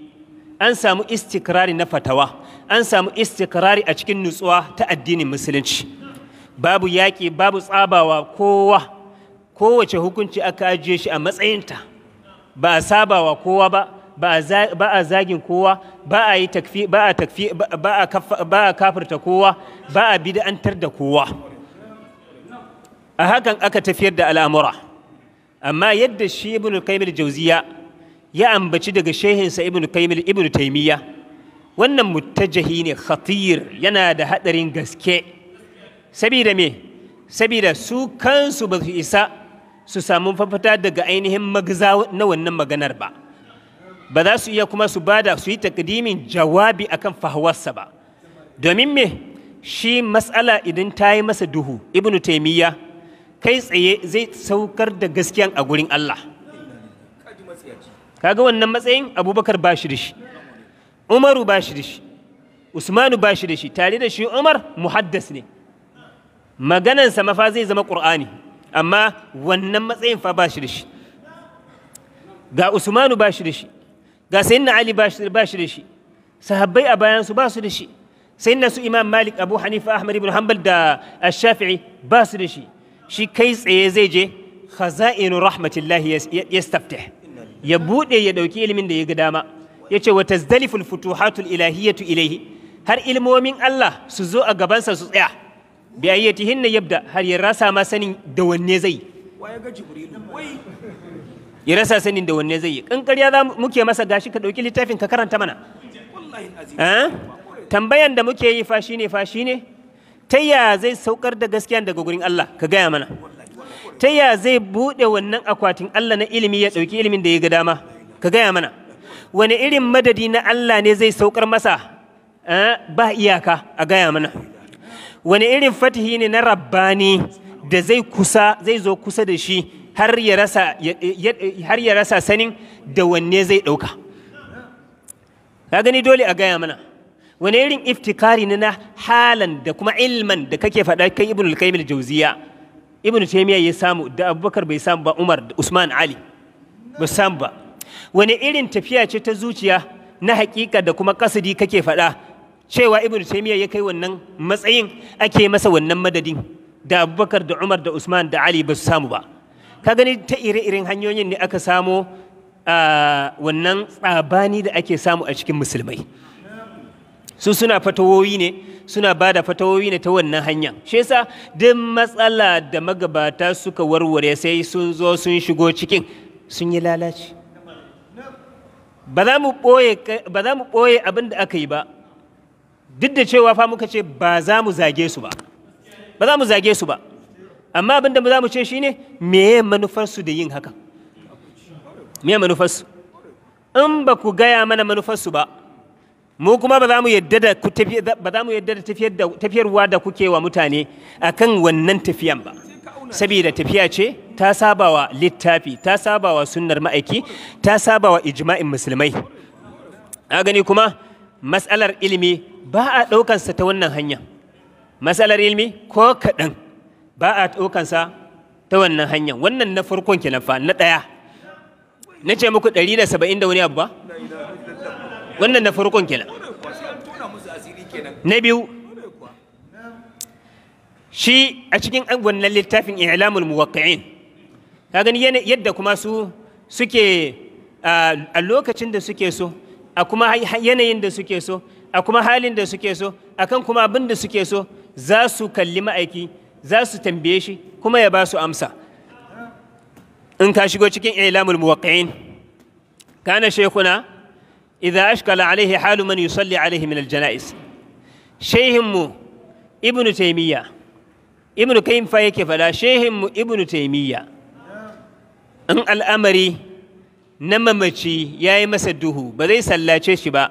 A: an samu istikrari na fatawa an samu istikrari a cikin nutsuwa ta addinin musulunci babu yaƙi babu tsabawa kowa kowace hukunci aka ajiye shi a matsayinta ba a sabawa kowa ba ba a zagin kowa ba a yi takfi ba a takfi ba a kafirta kowa ba a bid'antar da kowa a hakan aka tafiyar da al'amura amma yadda shi ibn al ya ambaci daga shehinsa ibn al ibn taymiya wannan muttajahi ne khatir yana da hadarin gaske sabida me sabida su kansu ba su isa su samu fafata daga ainihin magza na wannan maganar ba ba za su iya kuma su bada su yi takdimin jawabi akan fahawarsa ba domin me shi matsala idan ta yi masa duhu ibnu taimiyya kai tsaye zai saukar da gaskiyan a gurin Allah kaga wannan matsayin abubakar ba shi da shi umaru ba shi da shi usmanu ba shi da shi tare da shi umar muhaddas ne maganansa mafa zai zama ƙur'ani amma wannan matsayin fa ba shi da shi ga usmanu ba shi da shi ga sayyidina ali ba shi da shi sahabbai a bayansu ba su da shi sayyidina su imam malik abu hanifa ahmad ibn hanbal da ash-shafi'i ba su da shi shi kai tsaye zai je khaza'inu rahmatillahi yastaftih ya bude ya dauki ilimin da ya ga dama yace wa tazdalifu al-futuhatul ilahiyatu ilayhi har ilmomin Allah su zo a gabansa su tsaya bi ayyatihin na yabda har ya rasa ma sanin da wanne zai ya rasa sanin da wanne zai yi in ƙarya za muke masa gashi ka ɗauki littafin ka karanta mana tambayan da muke yi fashi ne fashi ne ta ya zai saukar da gaskiya daga gurin Allah ka gaya mana ta ya zai buɗe wannan akwatin Allah na ilimi ya ɗauki ilimin da ya ga dama ka gaya mana wani irin madadi na Allah ne zai saukar masa ba iyaka a gaya mana wani irin fatihi ne na rabbani da zai kusa zai zo kusa da shi har ya rasa sanin da wanne zai ɗauka ka gani dole a gaya mana wani irin iftikari ne na halan da kuma ilman da kake faɗa kai Ibn qayyim al-jawziya ibn taymiya ya samu da abubakar bai samu ba umar da usman ali ba samu ba wani irin tafiya ce ta zuciya na hakika da kuma kasidi kake faɗa cewa ibnu taymiya ya kai wannan matsayin ake masa wannan madadin da abubakar da umar da usman da ali ba su samu ba ka gani ta ire-iren hanyoyin ne aka samo wannan tsabani da ake samu a cikin musulmai su suna fatawoyi ne suna ba da fatawoyi ne ta wannan hanya shi yasa duk matsala da magabata suka warware sai sun zo sun shigo cikin sun yi lalaci ba za mu ɓoye abin da aka yi ba duk da cewa fa muka ce ba za mu zage su ba ba za mu zage su ba amma abin da za mu ce shine meye manufarsu da yin haka meye manufarsu in ba ku gaya mana manufarsu ba mu kuma ba za mu yadda da ba za mu yadda da tafiyarwa da kuke wa mutane akan wannan tafiyan ba saboda tafiya ce ta saba wa littafi ta saba wa sunnar ma'aiki ta saba wa ijma'in musulmai a gani kuma matsalar ilimi ba a ɗaukansa ta wannan hanya matsalar ilimi ko kaɗan ba a ɗaukansa ta wannan hanya wannan na farkon kenan fa na ɗaya na ce muku ɗari da saba'in da wani abu ba wannan na farkon kenan na biyu shi a cikin wannan littafin i'lamul muwaqqi'in ka gani yadda kuma su suke a lokacin da suke so a kuma yanayin da suke so a kuma halin da suke so akan kuma abin da suke so za su kalli ma'aiki za su tambaye shi kuma ya ba su amsa in ka shigo cikin ilamul muwaqqi'in kana shaykhuna idza ashkala alaihi halu man yusalli alaihi min aljanais shehin mu ibnu taymiya ibnu kayyim fa yake fada shehin mu ibnu taymiya in al'amari na mamaci ya yi masa duhu ba zai sallace shi ba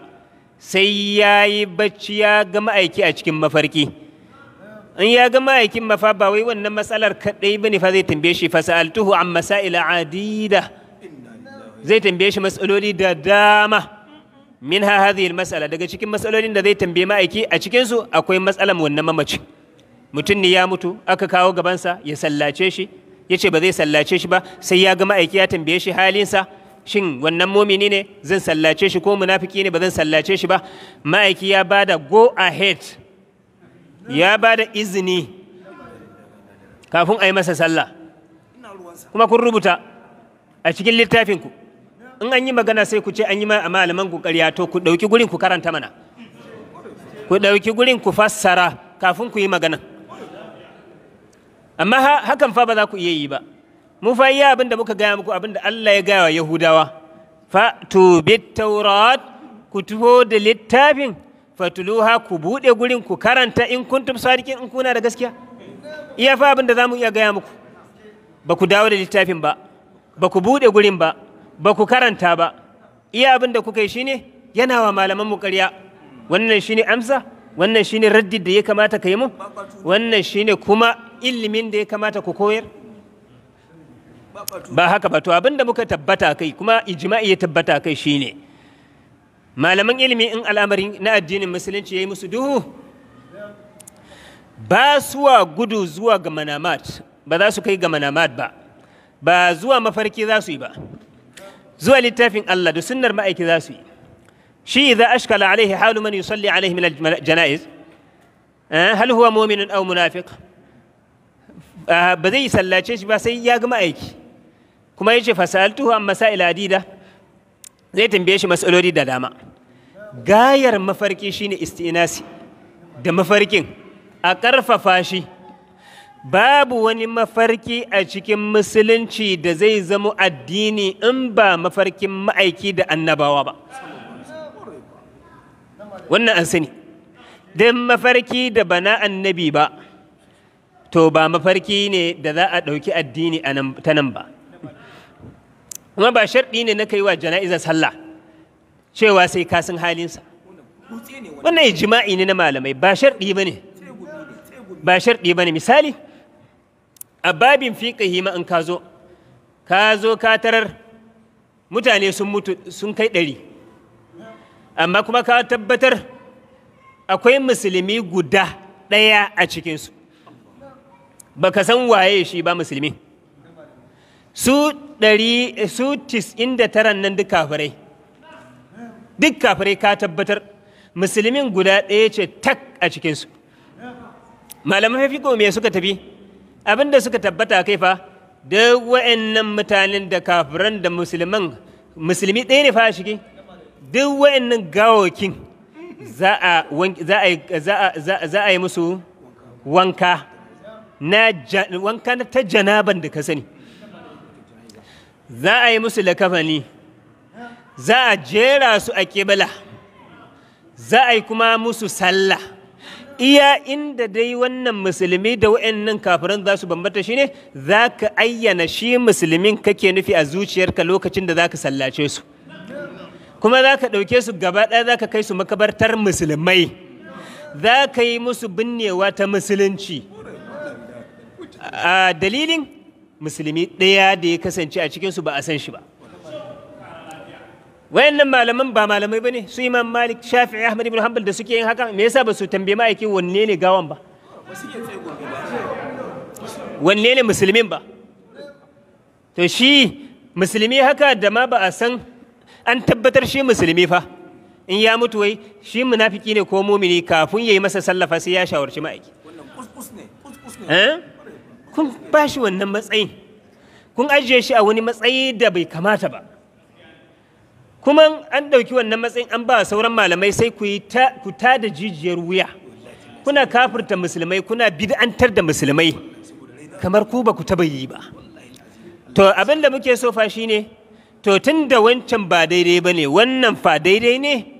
A: sai ya yi bacci ya ga ma'aiki a cikin mafarki in ya ga ma'aikin mafa ba wai wannan matsalar kaɗai ba ne fa zai tambaye shi fa sa'altuhu an masa'ila adida zai tambaye shi matsaloli da dama min ha hadhihi mas'ala daga cikin matsalolin da zai tambaye ma'aiki a cikin su akwai matsalar wannan mamaci mutum ne ya mutu aka kawo gabansa ya sallace shi ya ce ba zai sallace shi ba sai ya ga ma'aiki ya tambaye shi halinsa shin wannan mumini ne zan sallace shi ko munafiki ne ba zan sallace shi ba ma'aiki ya ba da go ahead ya ba da izini kafin a yi masa sallah kuma kun rubuta a cikin littafinku in an yi magana sai ku ce an yi ma a malaman ku ƙarya to ku ɗauki gurin ku karanta mana ku ɗauki gurin ku fassara kafin ku yi magana amma hakan fa ba za ku iya yi ba mun fa iya abin da muka gaya muku abin da Allah ya gaya wa Yahudawa fa to bit taurat ku tuho da littafin fatuluha ku buɗe gurin ku karanta in kuntum sadiqin in kuna da gaskiya iya fa abin da zamu iya gaya muku ba ku dawo da littafin ba ba ku buɗe gurin ba ba ku karanta ba iya abin da kuka yi shine yana wa malaman mu ƙarya wannan shine amsa wannan shine raddi da ya kamata ka yi mu wannan shine kuma ilimin da ya kamata ku koyar ba haka ba to abin da muka tabbata kai kuma ijma'i ya tabbata kai shine malaman ilimi in al'amarin na addinin musulunci ya yi musu duhu ba suwa gudu zuwa ga manamat ba za su kai ga manamat ba ba zuwa mafarki za su yi ba zuwa littafin Allah da sunnar ma'aiki za su yi shi idza ashkala alaihi halu man yusalli alaihi min janaiz eh, hal huwa mu'minun aw munafiq ah, ba zai sallace shi ba sai ya ga ma'aiki kuma yace fasaltuhu an masail adida zai tambaye shi matsaloli da dama gayar mafarki shine istinasi da mafarkin a karfafa shi babu wani mafarki a cikin musulunci da zai zama addini in ba mafarkin ma'aiki da annabawa ba wannan an sani don mafarki da bana annabi ba to ba mafarki ne da za a ɗauki addini ta nan ba kuma ba sharɗi ne na kai wa jana'izar sallah cewa sai ka san halinsa wannan jima'i ne na malamai ba sharɗi ba ne ba sharɗi ba ne misali a babin fiƙihi ma in ka zo ka zo ka tarar mutane sun mutu sun kai ɗari amma kuma ka tabbatar akwai musulmi guda ɗaya a cikinsu ba ka san waye shi ba musulmi su ɗari eh, su tis'in da taran nan duk kafirai duk kafirai ka tabbatar musulmin guda ɗaya ce tak a cikinsu Malamai fiko me suka tafi abinda suka tabbata kai fa da wa'annan mutanen da kafiran da musulman musulmi ɗaya ne fa a shige duk wa'annan gawakin za a yi musu wanka na ta janaban da ka sani za a yi musu lakafani za a jera su a kebala za a yi kuma musu sallah iya inda dai wannan musulmi da wa'annan kafiran za su bambata ne. za ka ayyana shi musulmin kake nufi a zuciyarka lokacin da za ka sallace su kuma za ka ɗauke su gaba ɗaya za ka kai su makabartar musulmai za ka yi musu binnewa ta musulunci a dalilin musulmi ɗaya da ya kasance a cikinsu ba a san shi ba wayannan malaman ba malamai ba ne su imam malik shafi'i ahmad ibn hanbal da suke yin haka me yasa ba su tambaye ma'aiki wanne ne gawan ba wanne ne musulmin ba to shi musulmi haka da ma ba a san an tabbatar shi musulmi fa in ya mutu wai shi munafiki ne ko mumini kafin ya yi masa sallafa sai ya shawarci ma'aiki. Wannan kuskus ne, kuskus ne. Eh? kun ba shi wannan matsayin kun ajiye shi a wani matsayi da bai kamata ba kuma an ɗauki wannan matsayin an ba sauran malamai sai ku ta da jijiyar wuya kuna kafirta musulmai kuna bid'antar da musulmai kamar ku ba ku taɓa yi ba to abin da muke so fa shine to tun da wancan ba daidai ba ne wannan fa daidai ne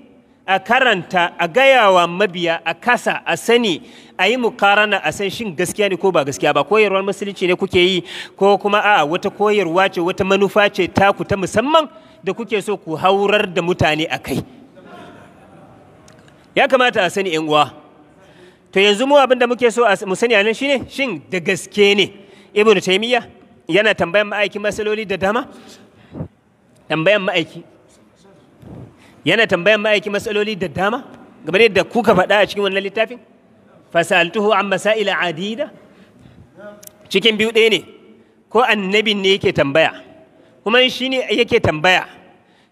A: a karanta a gaya wa mabiya a kasa a sani a yi mukarana a san shin gaskiya ne ko ba gaskiya ba koyarwar musulunci ne kuke yi ko kuma a'a wata koyarwa ce wata manufa ce taku ta musamman da kuke so ku haurar da mutane a kai ya kamata a sani uwa to yanzu mu abin da muke so mu sani a nan shine shin da gaske ne ibnu taymiya yana tambayan ma'aikin masaloli da dama tambayan ma'aiki yana tambayan ma'aiki matsaloli da dama game da kuka faɗa a cikin wannan littafin fasaltuhu an masaila adida cikin biyu ɗaya ne ko annabin ne yake tambaya kuma shi ne yake tambaya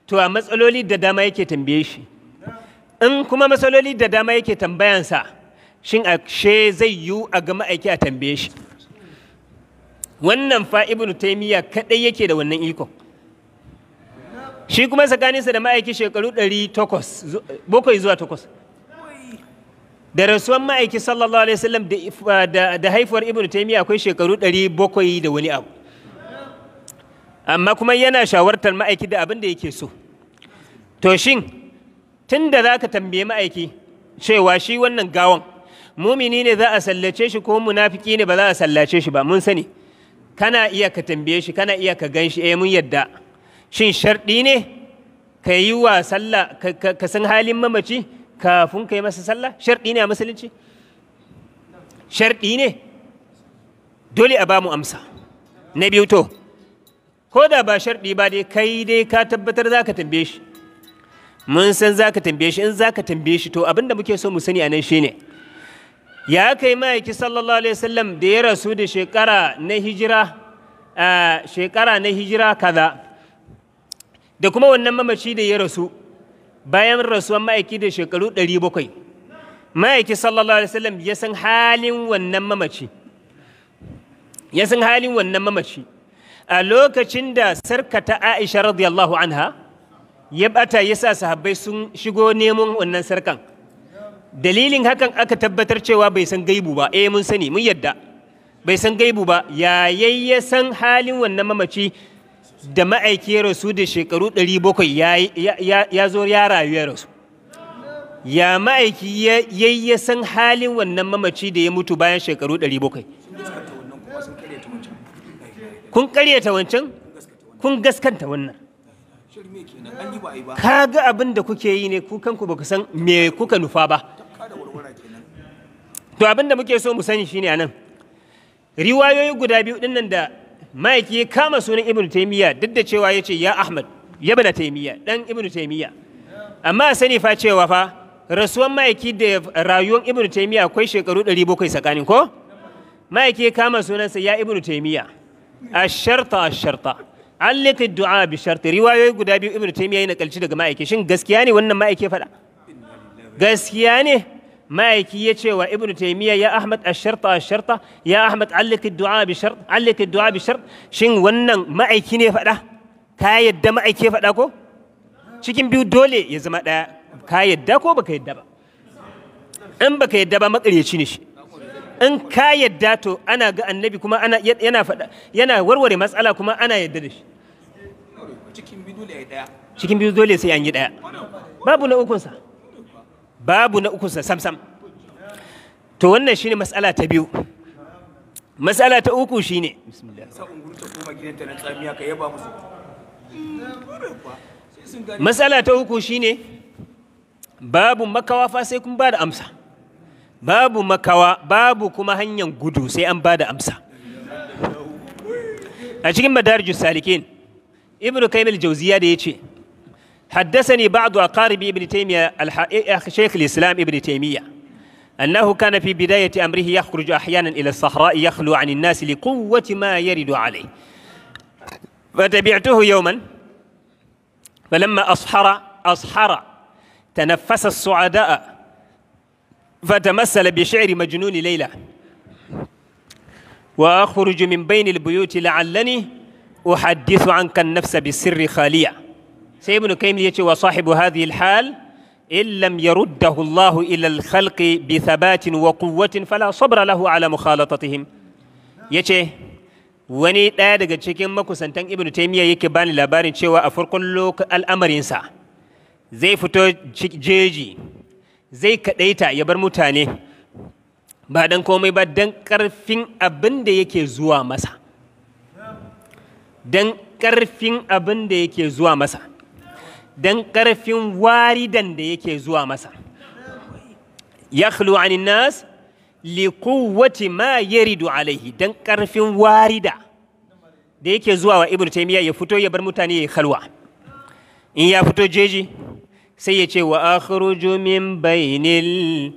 A: to a matsaloli da dama yake tambaye shi in kuma matsaloli da dama yake tambayansa shin ashe zai yiwu a ga ma'aiki a tambaye shi wannan fa ibnu taimiyya kaɗai yake da wannan ikon shi kuma tsakaninsa da ma'aiki shekaru ɗari zuwa takwas da rasuwan ma'aiki sallallahu alaihi wasallam da uh, haifuwar ibnu taimiyya akwai shekaru ɗari da wani abu amma kuma yana shawartar ma'aiki da abin da yake so to shin tun da za ka tambaye ma'aiki cewa shi wannan gawan mumini ne za a sallace shi ko munafiki ne ba za a sallace shi ba mun sani kana iya ka tambaye shi kana iya ka gan shi eh mun yadda shin sharɗi ne ka yi wa sallah ka san halin mamaci kafin ka yi masa sallah sharɗi ne a musulunci sharɗi ne dole a ba mu amsa na biyu to ko da ba sharɗi ba dai kai dai ka tabbatar za ka tambaye shi mun san za ka tambaye shi in za ka tambaye shi to abinda muke so mu sani a nan shine ya kai ma'aiki sallallahu alaihi wasallam da ya rasu da shekara na hijira eh, shekara na hijira kaza da kuma wannan mamaci da ya rasu bayan rasuwan ma'aiki da shekaru 700 ma'aiki sallallahu alaihi wasallam ya san halin wannan mamaci ya san halin wannan mamaci a lokacin da sarkata aisha radiyallahu anha ya bata ya sa sahabbai sun shigo neman wannan sarkan dalilin hakan aka tabbatar cewa bai san gaibu ba eh mun sani mun yadda bai san gaibu ba yayayya san halin wannan mamaci da ma'aiki ya rasu da shekaru 700 ya zo ya rayu ya rasu ya ma'aiki ya yi san halin wannan mamaci da ya mutu bayan shekaru 700 kun karyata wancan kun gaskanta wannan ka ga abin da kuke yi ne kanku ba ku san me kuka nufa ba to abin da muke so mu sani shine anan riwayoyi guda biyu dinnan da ma'aiki ya kama sunan ibnu taimiyya duk da cewa ya ce ya ahmad ya bada taimiyya dan ibnu taimiyya amma sani fa cewa fa rasuwan ma'aiki da rayuwar ibnu taimiyya akwai shekaru 700 tsakanin ko ma'aiki ya kama sunansa ya ibnu taimiyya asharta asharta allika du'a bi sharti riwayoyi guda biyu ibnu taimiyya ya nakalci daga ma'aiki shin gaskiya ne wannan ma'aiki faɗa gaskiya ne ma'aiki ya ce wa ibnu taymiya ya ahmad asharta asharta ya ahmad allika du'a bi shart allika du'a bi shart shin wannan ma'aiki ne faɗa ka yadda ma'aiki faɗa ko cikin biyu dole ya zama ɗaya ka yadda ko baka yadda ba in baka yadda ba makaryaci ne shi in ka yadda to ana ga annabi kuma ana yana faɗa warware matsala kuma ana yadda da shi cikin biyu dole sai an yi ɗaya babu na ukunsa babu na ukunsa samsam to wannan shine matsala ta biyu matsala ta uku shine matsala ta uku shine babu makawa fa sai kun ba da amsa babu makawa babu kuma hanyar gudu sai an ba da amsa a cikin madarijus salikin ibnu kaimil jauziya da ya ce حدثني بعض أقارب ابن تيمية إيه، شيخ الإسلام ابن تيمية أنه كان في بداية أمره يخرج أحيانا إلى الصحراء يخلو عن الناس لقوة ما يرد عليه فتبعته يوما فلما أصحر أصحر تنفس السعداء فتمثل بشعر مجنون ليلى وأخرج من بين البيوت لعلني أحدث عنك النفس بالسر خالية sai ibn kaim ya ce wa sahibu hadhihi alhal in lam yaruddahu Allah ila alkhalqi bi thabatin wa quwwatin fala sabra lahu ala mukhalatatihim yace wani ɗaya daga cikin makusantan ibn taymiya yake bani labarin cewa a farkon al'amarinsa zai fito jeji zai kaɗaita ya bar mutane ba dan komai ba dan karfin abin da yake zuwa masa dan karfin abin da yake zuwa masa don ƙarfin waridan da yake zuwa masa ya anin nas li quwwati ma yaridu alaihi don ƙarfin warida da yake zuwa wa ibnu taymiya ya fito ya bar mutane ya khalwa in ya fito jeji sai ya ce wa akhruju min bainil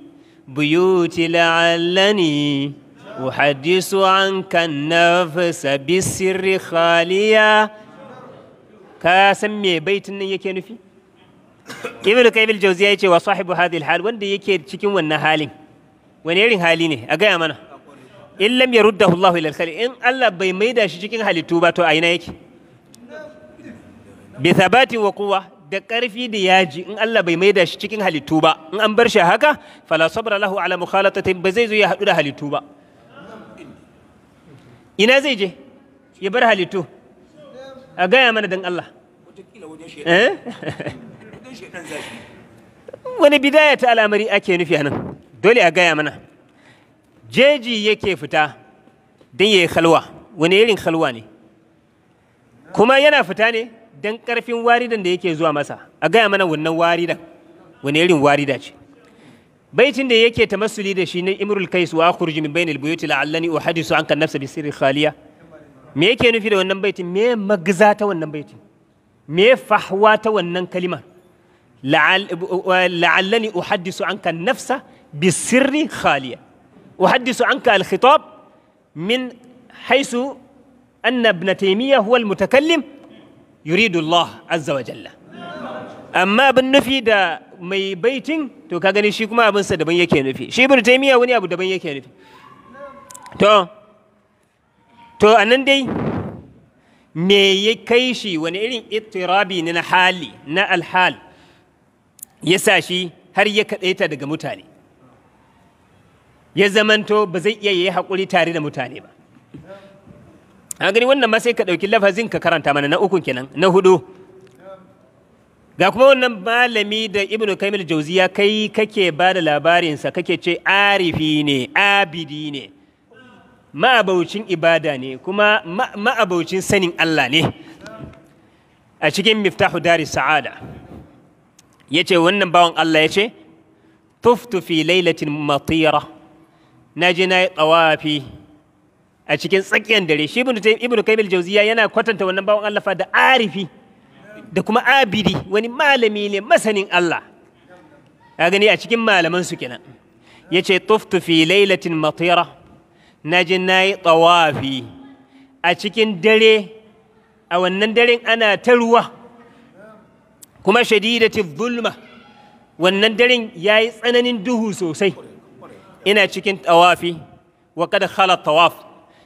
A: buyuti la'allani uhaddisu anka an-nafsa bisirri khaliya ka san me baitin nan yake nufi ibn qayyim al-jawziya yace wa sahibu hadhihi al-hal wanda yake cikin wannan halin wani irin hali ne a gaya mana in lam yaruddahu Allah ila al in Allah bai maida shi cikin halittu ba to a yake bi thabatin wa quwwa da ƙarfi da yaji in Allah bai maida shi cikin halittu ba in an bar shi haka fala sabra lahu ala mukhalatatin ba zai zo ya haɗu da halittu ba ina zai je ya bar halittu a gaya mana dan Allah eh? wani bidaya ta al'amari ake nufi a nan dole a gaya mana jeji yake fita don ya yi halwa wani irin halwa ne kuma yana fita ne don ƙarfin waridan da yake zuwa masa a gaya mana wannan waridan wani irin warida ce baitin da yake masuli da shi na imrul kais wa akhruj min bainal buyuti la'allani uhadisu anka nafsa bi sirri khaliya me yake nufi da wannan baitin me magza ta wannan baitin me fahwa ta wannan kalima la'allani uhaddisu anka nafsa bi sirri khaliya uhaddisu anka al-khitab min haythu anna ibn taymiya huwa al-mutakallim yuridu Allah azza wa jalla amma bin nufi da mai baitin to ka gani shi kuma abin sa daban yake nufi shi ibn taymiya wani abu daban yake nufi to to a nan dai me ya kai shi wani irin ittirabi ne na hali na alhal ya sa shi har ya kaɗaita daga mutane ya zamanto ba zai iya yi haƙuri tare da mutane ba a gani wannan ma sai ka ɗauki lafazin ka karanta mana na ukun kenan na hudu ga kuma wannan malami da ibnu kaimil jauziya kai kake ba da labarinsa kake ce arifi ne abidi ne ma'abaucin ibada ne kuma ma'abaucin sanin Allah ne a cikin miftahu dari sa'ada ya ce wannan bawan Allah ya ce tuftu fi lailatin matira na je na yi tsawafi a cikin tsakiyar dare shi ibnu kaimil jauziya yana kwatanta wannan bawan Allah fa da arifi da kuma abidi wani malami ne masanin Allah A gani a cikin malaman su kenan ya ce tuftu fi lailatin matira na ji na yi tsawafi a cikin dare a wannan daren ana ta ruwa kuma shadidati zulma wannan daren ya yi tsananin duhu sosai ina cikin tawafi wa kada khala tawaf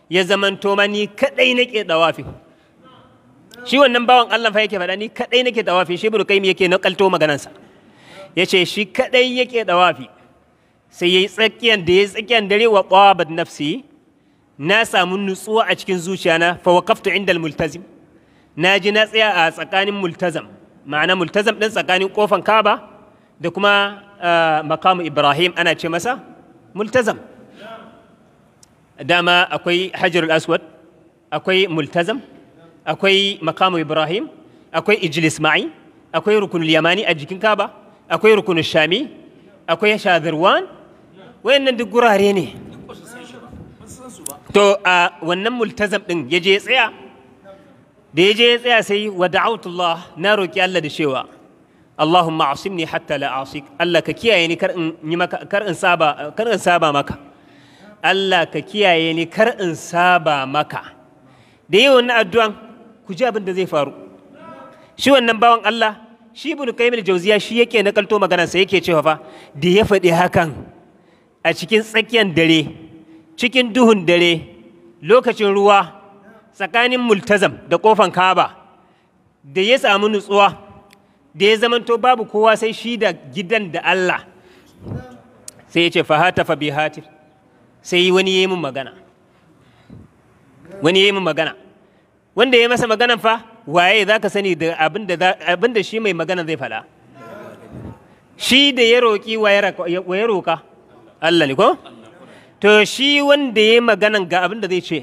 A: ya zamanto ma ni kadai nake tawafi. shi wannan bawan Allah fa yake faɗa ni kadai nake tawafi shi ibnu qayyim yake nakalto maganansa yace shi kadai yake tawafi sai yayi tsakiyan da yayi tsakiyan dare wa tawabat nafsi na samu nutsuwa a cikin zuciyana fa waqaftu indal multazim na ji na tsaya a tsakanin multazam ma'ana multazam din tsakanin kofan kaba da kuma makamu ibrahim ana ce masa multazam dama akwai hajarul aswad akwai multazam akwai makamu ibrahim akwai ijlis ma'i akwai rukunul yamani a jikin kaba akwai rukunul shami akwai shadarwan nan duk gurare ne to a wannan multazam din ya je ya tsaya da ya je ya tsaya sai wa da'autullah na roƙi Allah da cewa Allahumma asimni hatta la asik Allah ka kiyaye ni kar in yi maka kar in saba kar in saba maka Allah ka kiyaye ni kar in saba maka da yi wannan addu'an ku ji abin da zai faru shi wannan bawan Allah shi ibn qayyim al-jawziya shi yake nakalto magana sai yake cewa fa da ya faɗi hakan a cikin tsakiyar dare cikin duhun dare lokacin ruwa tsakanin multazam da kofan kaba da ya samu nutsuwa da ya zamanto babu kowa sai shi da gidan da Allah sai ya ce fahata fa bihatir sai wani ya yi min magana wani ya yi min magana wanda ya masa magana fa waye za ka sani da abin da shi mai magana zai faɗa shi da ya roƙi wa ya roƙa Allah ne ko to shi wanda ya maganan ga abin da zai ce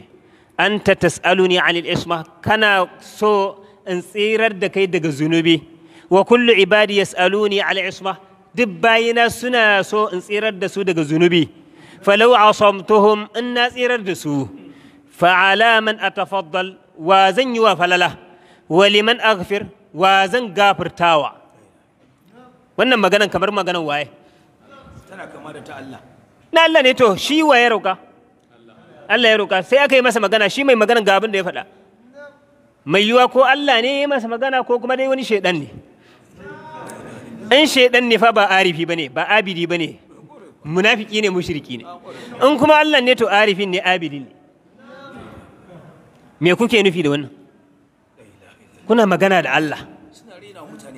A: anta tas'aluni anil isma kana so in tsirar da kai daga zunubi wa kullu ibadi yas'aluni al isma duk bayina suna so in tsirar da su daga zunubi falau asamtuhum in na tsirar da su fa'ala man atafaddal wa zan yi wa falala wa liman aghfir wa zan gafirtawa wannan maganan kamar maganan waye tana kama da ta Allah na Allah ne to shi wa ya roƙa Allah ya roƙa sai aka yi masa magana shi mai magana ga abin da ya faɗa mai yiwa ko Allah ne ya masa magana ko kuma dai wani shaidan ne in shaidan ne fa ba arifi bane ba abidi bane munafiki ne mushriki ne in kuma Allah ne to arifin ne abidi ne me kuke nufi da wannan kuna magana da Allah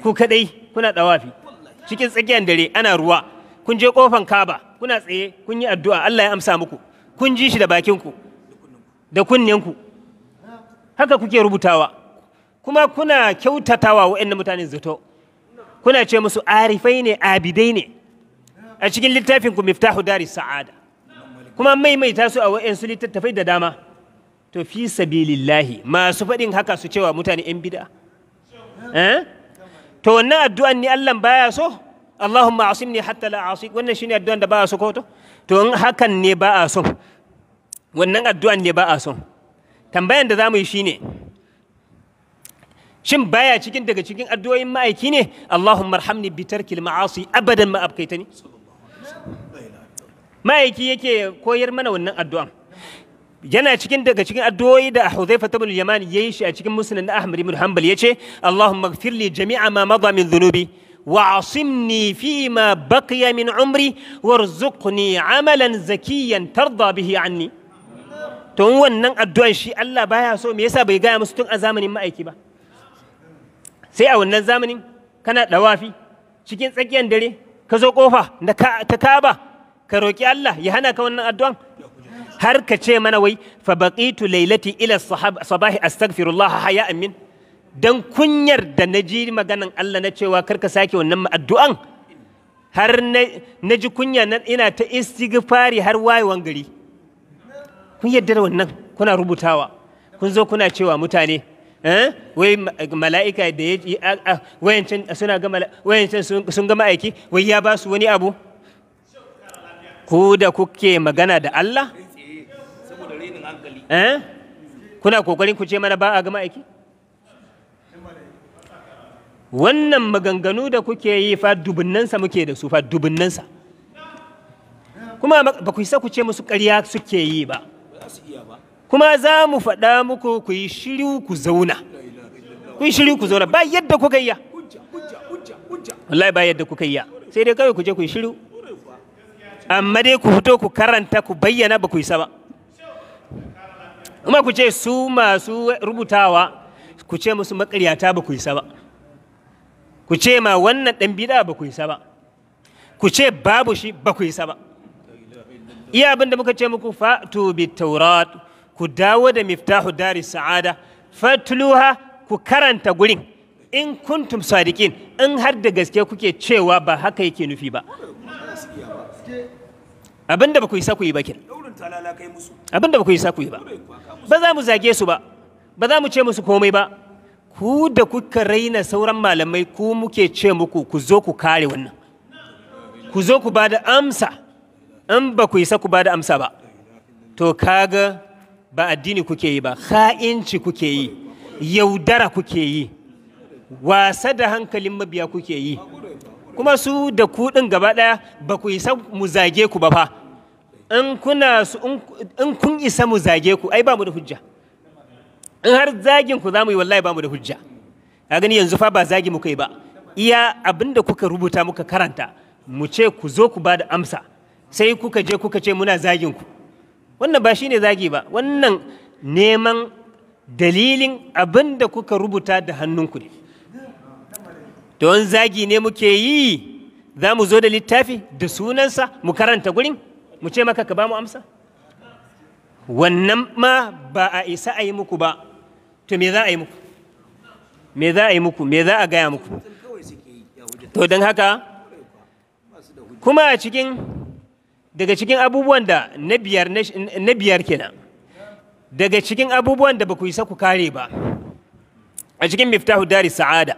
A: ku kadai kuna dawafi cikin tsakiyar dare ana ruwa kun je kofan kaba kuna tsaye kun yi addu'a Allah ya amsa muku kun ji shi da bakinku da kunninku haka kuke rubutawa kuma kuna kyautatawa waɗannan mutanen zato kuna ce musu arifai ne abidai ne a cikin littafin ku miftahu dari sa'ada kuma maimaita su a su littattafai da dama to fi sabilillahi masu faɗin haka su cewa mutane 'yan bida eh? to wannan addu'an ni Allah baya so Allahumma asimni hatta la asik wannan shine addu'an da ba a so ko to to hakan ne ba a so wannan addu'an ne ba a so tambayan da zamu yi shine shin baya cikin daga cikin addu'o'in ma'aiki ne Allahumma arhamni bi tarkil ma'asi abadan ma abkaitani ma'aiki yake koyar mana wannan addu'an yana cikin daga cikin addu'o'i da Hudhaifa ibn al-Yaman yayi shi a cikin Musnad Ahmad ibn Hanbal yace Allahumma ighfir jami'a ma madha min dhunubi وعصمني فيما بقي من عمري وارزقني عملا زكيا ترضى به عني to wannan addu'an shi Allah baya so me yasa bai gaya musu tun a zamanin ma'aiki ba sai a wannan zamanin kana dawafi cikin tsakiyar dare ka zo kofa ta kaba ka roki Allah ya hana ka wannan addu'an har ka ce mana wai fa baqitu lailati ila sabahi astaghfirullah haya amin don kunyar da na ji maganan Allah na cewa karka sake wannan addu'an har na ji kunya na ina ta istighfari har wayewan gari kun yadda da wannan kuna rubutawa kun zo kuna cewa mutane eh, wai mala'ika da ya ji sun gama aiki? wai ya ba su wani abu ku da kuke magana da Allah eh, eh, kuna kokarin ku ce mana ba a ga ma'aiki wannan maganganu da kuke yi fa dubunnansa muke da su fa dubunnansa kuma ba ku isa ku ce musu ƙarya suke yi ba kuma za mu faɗa muku ku yi shiru ku zauna ku yi shiru ku zauna ba yadda kuka yi ya wallahi ba yadda kuka yi ya sai dai kawai ku je ku yi shiru amma dai ku fito ku karanta ku bayyana ba ku isa ba kuma ku ce su masu rubutawa ku ce musu maƙaryata ba ku isa ba ku ce ma wannan ɗan bida ba ku isa ba ku ce babu shi ba ku isa ba iya abin da muka ce muku fatu bi taurat ku dawo da miftahu dari sa'ada fatuluha ku karanta gurin in kuntum sadiqin in har da gaske kuke cewa ba haka yake nufi ba abinda ba ku yi ba kin abinda ba ku yi ba ba za mu zage su ba ba za mu ce musu komai ba ku da kuka raina sauran malamai ku muke ce muku ku zo ku kare wannan ku zo ku ba da amsa in ba ku isa ku ba da amsa ba to kaga ba addini kuke yi ba ha'inci kuke yi yaudara kuke yi wasa da hankalin mabiya kuke yi kuma su da kuɗin gaba ɗaya ba ku isa mu zage ku ba fa in kun isa mu zage ku ai ba mu da hujja in har zagin ku zamu yi wallahi bamu da hujja ka gani yanzu fa ba zagi muka yi ba iya abinda kuka rubuta muka karanta mu ce ku zo ku bada amsa sai kuka je kuka ce muna zagin ku wannan ba shine zagi ba wannan neman dalilin abinda kuka rubuta da hannunku ne don zagi ne muke yi za mu zo da littafi da sunansa mu karanta gurin mu ce maka ka bamu amsa wannan ma ba a isa a yi muku ba to me za a yi muku me za a yi muku me za a gaya muku to don haka kuma a cikin daga cikin abubuwan da na biyar kenan daga cikin abubuwan da ba ku isa ku kare ba a cikin miftahu dari sa'ada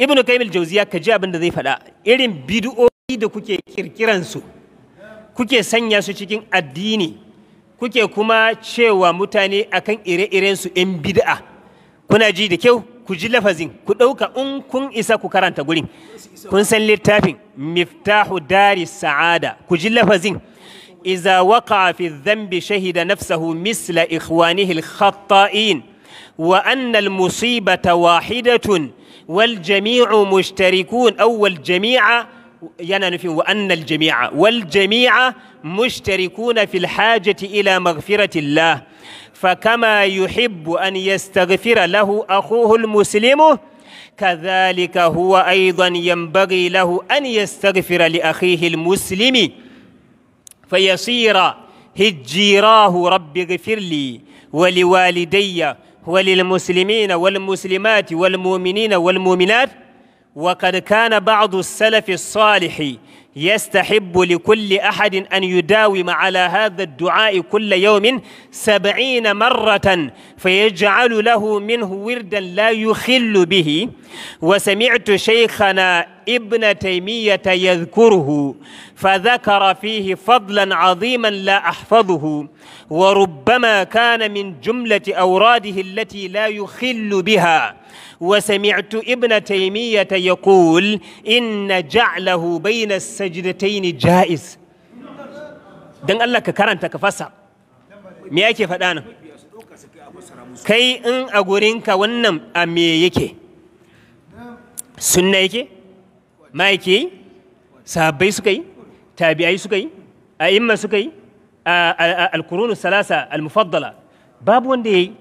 A: ibnu kaimil jauziya ka ji abin da zai faɗa irin bidi'o'i da kuke kirkiransu kuke sanya su cikin addini kuke kuma cewa mutane akan ire-irensu 'yan bid'a kuna ji da kyau ku ji lafazin ku ɗauka in kun isa ku karanta gurin kun san littafin miftahu dari sa'ada ku ji lafazin iza waka fi dhanbi shahida nafsahu misla ikhwanihi khattain wa annal musibata wahidatun wal jami'u mushtarikun awwal jami'a ينفي وأن الجميع والجميع مشتركون في الحاجة إلى مغفرة الله فكما يحب أن يستغفر له أخوه المسلم كذلك هو أيضا ينبغي له أن يستغفر لأخيه المسلم فيصير هجيراه رب اغفر لي ولوالدي وللمسلمين والمسلمات والمؤمنين والمؤمنات وقد كان بعض السلف الصالح يستحب لكل أحد أن يداوم على هذا الدعاء كل يوم سبعين مرة فيجعل له منه وردا لا يخل به وسمعت شيخنا ابن تيمية يذكره فذكر فيه فضلا عظيما لا أحفظه وربما كان من جملة أوراده التي لا يخل بها وسمعت ابن تيمية يقول إن جعله بين السجدتين جائز دن الله ككرن كفسر ميأكي فدانا kai in a gurinka wannan a me yake sunna ma'aiki sabbai sahabbai suka yi tabi'ai suka yi a'imma suka yi salasa al-mufaddala babu wanda yayi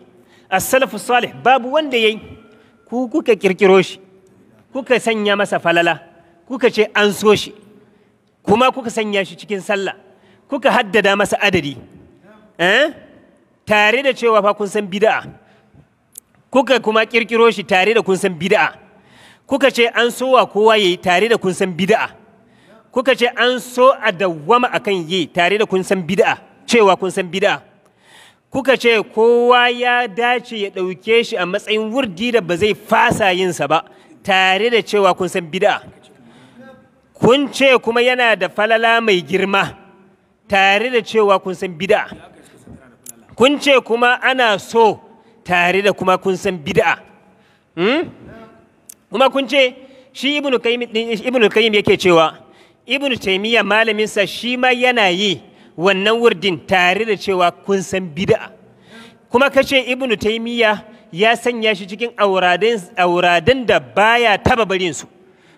A: a salafu salih babu wanda yi ku kuka kirkiro shi kuka sanya masa falala kuka ce an so shi kuma kuka sanya shi cikin sallah kuka haddada masa adadi eh tare da cewa fa kun san bida'a kuka kuma kirkiro shi tare da kun san bida'a kuka ce an so wa kowa yayi tare da kun san bid'a kuka ce an so a dawwama akan yi tare da kun san bid'a cewa kun san bid'a kuka ce kowa ya dace ya ɗauke shi a matsayin wurdi da ba zai fasa yinsa ba tare da cewa kun san bid'a kun ce kuma yana da falala mai girma tare da cewa kun san bid'a kun ce kuma ana so tare da kuma kun san bid'a hmm? kuma kun ce shi ibnu qayyim ibnu yake cewa ibnu taymiya malamin sa shi ma yana yi wannan wurdin tare da cewa kun san bid'a kuma kace ibnu taymiya ya sanya shi cikin auradan da baya taba barin su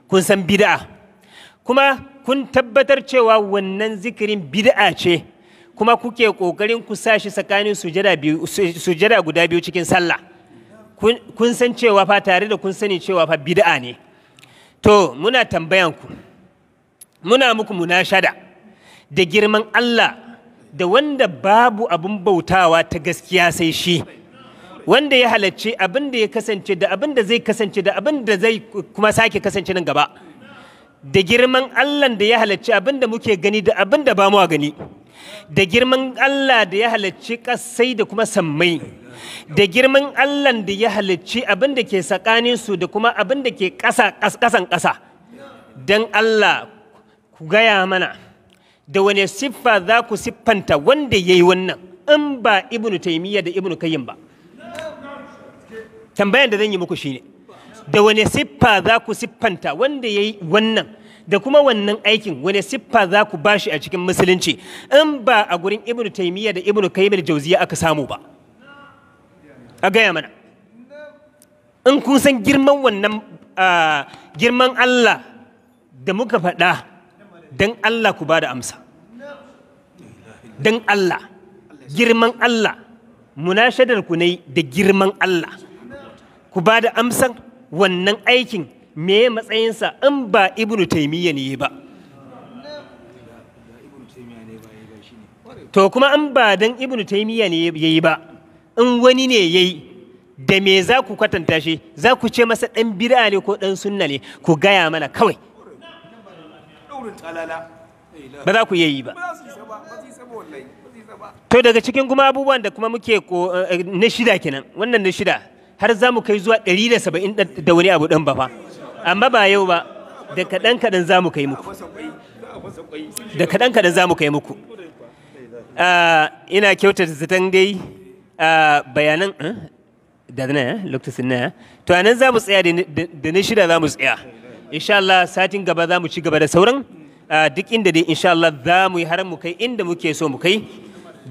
A: kun san bid'a kuma kun tabbatar cewa wannan zikirin bid'a ce kuma kuke ƙoƙarin ku sa shi tsakanin sujada guda biyu cikin sallah kun san cewa fa tare da kun sani cewa fa bid'a ne to muna tambayan ku muna muku munashada da girman Allah da wanda babu abin bautawa ta gaskiya sai shi wanda ya halarci abin da ya kasance da abin da zai kasance da abin da zai kuma sake kasance nan gaba da girman Allah da ya halarci abin da muke gani da abin da ba mu gani da girman Allah da ya halarci kasai da kuma sammai da girman Allahn da ya halicci abin da ke tsakanin su da kuma abin da ke ƙasan ƙasa don Allah ku gaya mana da wane siffa za ku siffanta wanda ya yi wannan in ba Ibn taimiyya da Ibn kayyim ba tambayan da zan yi muku shine da wane siffa za ku siffanta wanda ya yi wannan da kuma wannan aikin wane siffa za ku bashi a cikin musulunci in ba a gurin Ibn taimiyya da Ibn kayyim da jauziya aka samu ba a gaya mana in kun san girman wannan ah, girman Allah da muka faɗa don Allah ku ba da amsa don Allah girman Allah munashadar ku ne da girman Allah ku ba da amsan wannan aikin me matsayinsa in ba ibnu taimiyya ne ba to kuma an ba don ibnu taimiyya ne ya yi ba in wani ne ya yi da me za ku kwatanta shi za ku ce masa ɗan bira ne ko ɗan sunna ne ku gaya mana kawai ba za ku yi ba to daga cikin kuma abubuwan da kuma muke eh, na shida kenan wannan na shida har za mu kai zuwa 170 da da wani abu ɗan ba fa amma ba yau ba da kaɗan kaɗan za mu kai muku da kaɗan kaɗan za mu kai muku ah, ina kyautata zaton dai Ah, bayanan eh, da lokacin to a nan za mu tsaya da na shida za mu tsaya insha Allah satin gaba za mu ci gaba da sauran ah, duk inda dai insha Allah za mu yi har mu kai inda muke so mu kai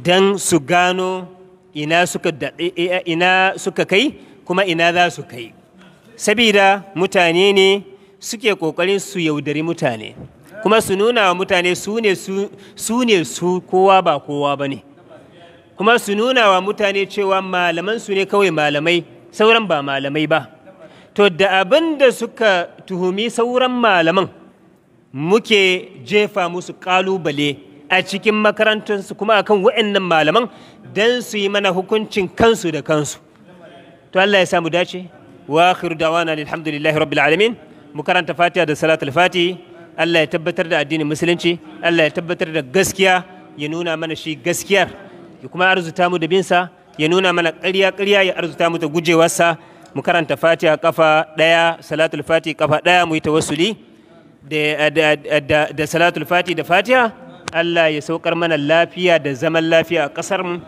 A: don su gano ina suka eh, eh, ina suka kai kuma ina za su kai sabida mutane ne suke kokarin su yaudari mutane kuma su nuna wa mutane su ne su kowa ba kowa ba ne kuma su nuna wa mutane cewa malaman su ne kawai malamai sauran ba malamai ba to da abin da suka tuhumi sauran malaman muke jefa musu kalubale a cikin makarantunsu kuma akan wa'annan malaman don su yi mana hukuncin kansu da kansu to Allah ya samu dace wa akhiru dawana alhamdulillahi rabbil alamin mu karanta fatiha da salatul fatihi Allah ya tabbatar da addinin musulunci Allah ya tabbatar da gaskiya ya nuna mana shi gaskiyar ya kuma arzuta mu da binsa ya nuna mana ƙarya ƙarya ya arzuta mu da gujewarsa mu karanta fatiha kafa ɗaya salatul fati kafa ɗaya mu yi tawassuli da da salatul fati da fatiha Allah ya saukar mana lafiya da zaman lafiya a ƙasar mu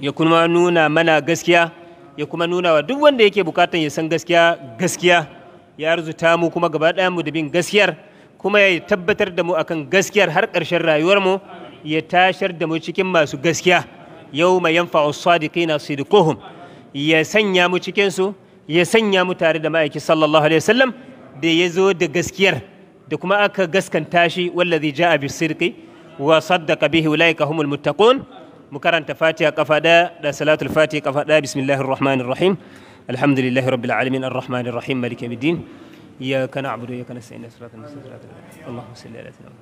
A: ya kuma nuna mana gaskiya ya kuma nuna wa duk wanda yake bukatan ya san gaskiya gaskiya ya arzuta mu kuma gaba ɗaya mu da bin gaskiyar kuma ya tabbatar da mu akan gaskiyar har ƙarshen rayuwar mu ya tashar da mu cikin masu gaskiya yau mai yanfa sadiqina sidquhum ya sanya mu cikin su ya sanya mu tare da ma'aiki sallallahu alaihi wasallam da ya zo da gaskiyar da kuma aka gaskanta shi wallazi ja'a bi sirqi wa saddaqa bihi ulaika humul muttaqun mu karanta fatiha kafa da da salatul fatiha kafa da bismillahir rahmanir rahim alhamdulillahi rabbil alamin arrahmanir rahim maliki yawmiddin iyyaka na'budu wa iyyaka nasta'in siratal mustaqim allahumma salli ala